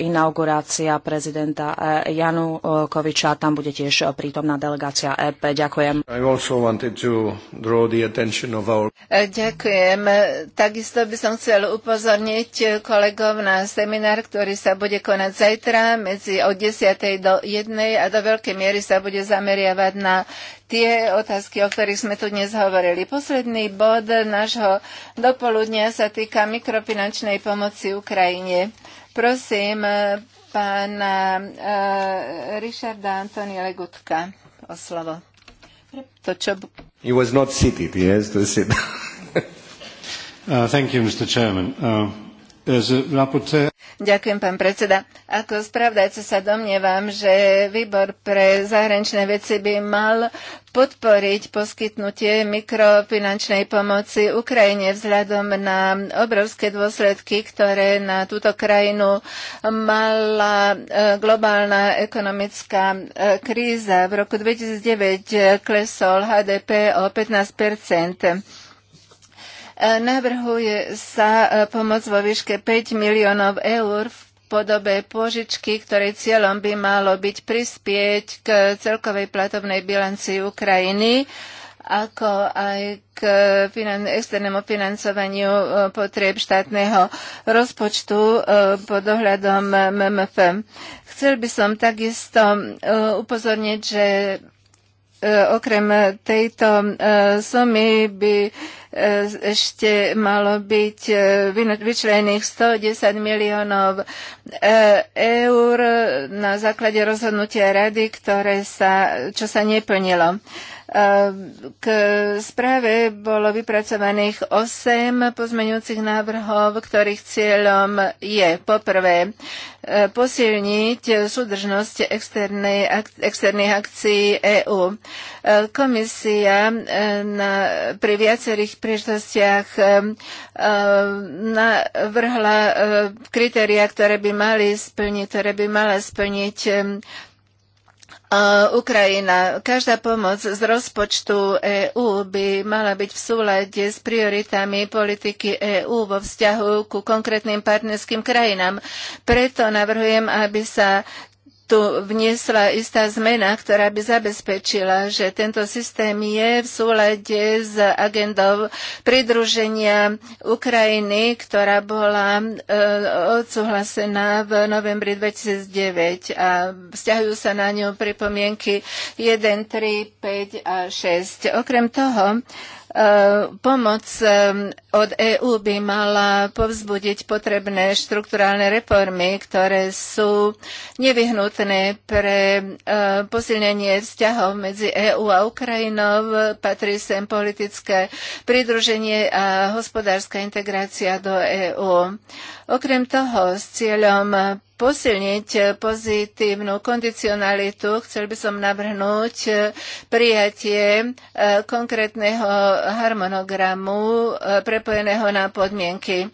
inaugurácia prezidenta Janu Koviča. Tam bude tiež prítomná delegácia EP. Ďakujem. Our... Ďakujem. Takisto by som chcel upozorniť kolegov na seminár, ktorý sa bude konať zajtra medzi od 10. do jednej a do veľkej miery sa bude zameriavať na tie otázky, o ktorých sme tu dnes hovorili. Posledný bod nášho dopoludnia sa týka mikrofinančnej pomoci Ukrajine. Prosím eh, pána uh, Richarda Antonia Legutka o slovo. To, čo... He was not seated, yes, to sit. uh, thank you, Mr. Chairman. Uh... Ďakujem, pán predseda. Ako spravdajca sa domnievam, že výbor pre zahraničné veci by mal podporiť poskytnutie mikrofinančnej pomoci Ukrajine vzhľadom na obrovské dôsledky, ktoré na túto krajinu mala e, globálna ekonomická e, kríza. V roku 2009 klesol HDP o 15 Navrhuje sa e, pomoc vo výške 5 miliónov eur v podobe požičky, ktorej cieľom by malo byť prispieť k celkovej platovnej bilanci Ukrajiny ako aj k finan- externému financovaniu e, potrieb štátneho rozpočtu e, pod dohľadom MMF. Chcel by som takisto upozorniť, že E, okrem tejto e, sumy by e, ešte malo byť vyčlených 110 miliónov eur na základe rozhodnutia rady, ktoré sa, čo sa neplnilo. K správe bolo vypracovaných 8 pozmeňujúcich návrhov, ktorých cieľom je poprvé posilniť súdržnosť externej, externých akcií EÚ. Komisia e, na, pri viacerých príležitostiach e, e, navrhla kritéria, ktoré by mali splniť, ktoré by mala splniť Ukrajina. Každá pomoc z rozpočtu EÚ by mala byť v súlade s prioritami politiky EÚ vo vzťahu ku konkrétnym partnerským krajinám. Preto navrhujem, aby sa tu vniesla istá zmena, ktorá by zabezpečila, že tento systém je v súlade s agendou pridruženia Ukrajiny, ktorá bola e, odsúhlasená v novembri 2009 a vzťahujú sa na ňu pripomienky 1, 3, 5 a 6. Okrem toho, Eh, pomoc od EÚ by mala povzbudiť potrebné štrukturálne reformy, ktoré sú nevyhnutné pre eh, posilnenie vzťahov medzi EÚ a Ukrajinou. Patrí sem politické pridruženie a hospodárska integrácia do EÚ. Okrem toho, s cieľom posilniť eh, pozitívnu kondicionalitu, chcel by som navrhnúť eh, prijatie eh, konkrétneho harmonogramu prepojeného na podmienky.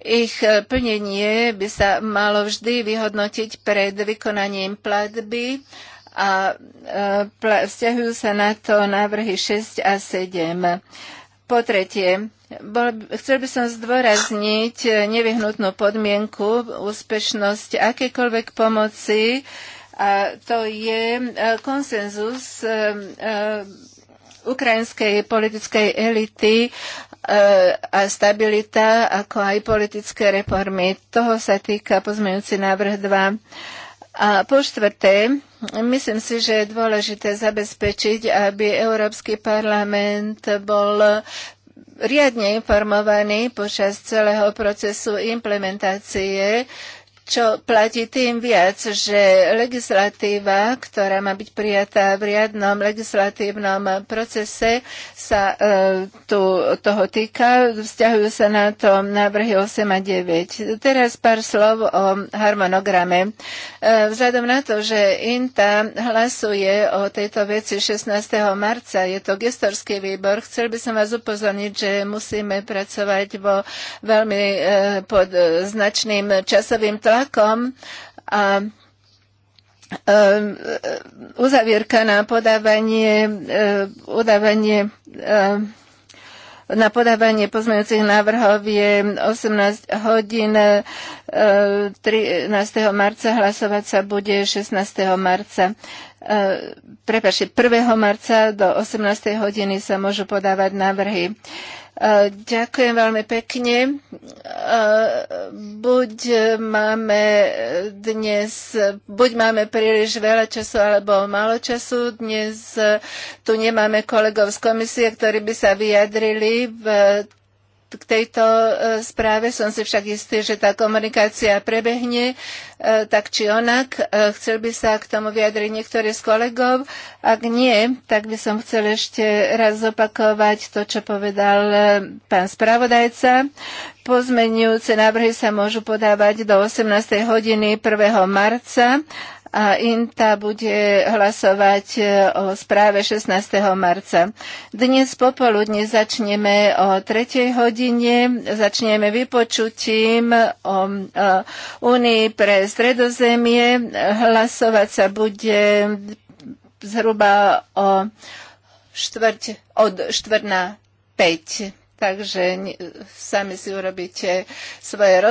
Ich plnenie by sa malo vždy vyhodnotiť pred vykonaním platby a vzťahujú sa na to návrhy 6 a 7. Po tretie, bol, chcel by som zdôrazniť eh, nevyhnutnú podmienku úspešnosť akékoľvek pomoci a to je eh, konsenzus eh, ukrajinskej politickej elity a stabilita, ako aj politické reformy. Toho sa týka pozmeňujúci návrh 2. A po štvrté, myslím si, že je dôležité zabezpečiť, aby Európsky parlament bol riadne informovaní počas celého procesu implementácie čo platí tým viac, že legislatíva, ktorá má byť prijatá v riadnom legislatívnom procese, sa e, tu, toho týka. Vzťahujú sa na to návrhy 8 a 9. Teraz pár slov o harmonograme. E, vzhľadom na to, že INTA hlasuje o tejto veci 16. marca, je to gestorský výbor, chcel by som vás upozorniť, že musíme pracovať vo veľmi e, pod e, značným časovým tlakom a um, um, uzavierka na podávanie, um, udávanie na podávanie pozmeňujúcich návrhov je 18 hodín 13. marca, hlasovať sa bude 16. marca. Prepašte, 1. marca do 18. hodiny sa môžu podávať návrhy. Ďakujem veľmi pekne. E, buď máme dnes, buď máme príliš veľa času alebo málo času. Dnes tu nemáme kolegov z komisie, ktorí by sa vyjadrili v k tejto e, správe. Som si však istý, že tá komunikácia prebehne e, tak či onak. E, chcel by sa k tomu vyjadriť niektorý z kolegov. Ak nie, tak by som chcel ešte raz zopakovať to, čo povedal pán spravodajca. Pozmenujúce návrhy sa môžu podávať do 18. hodiny 1. marca a INTA bude hlasovať e, o správe 16. marca. Dnes popoludne začneme o 3. hodine, začneme vypočutím o Únii e, pre stredozemie. Hlasovať sa bude zhruba o štvrť, od štvrt na 5. Takže sami si urobíte svoje rozhodnutie.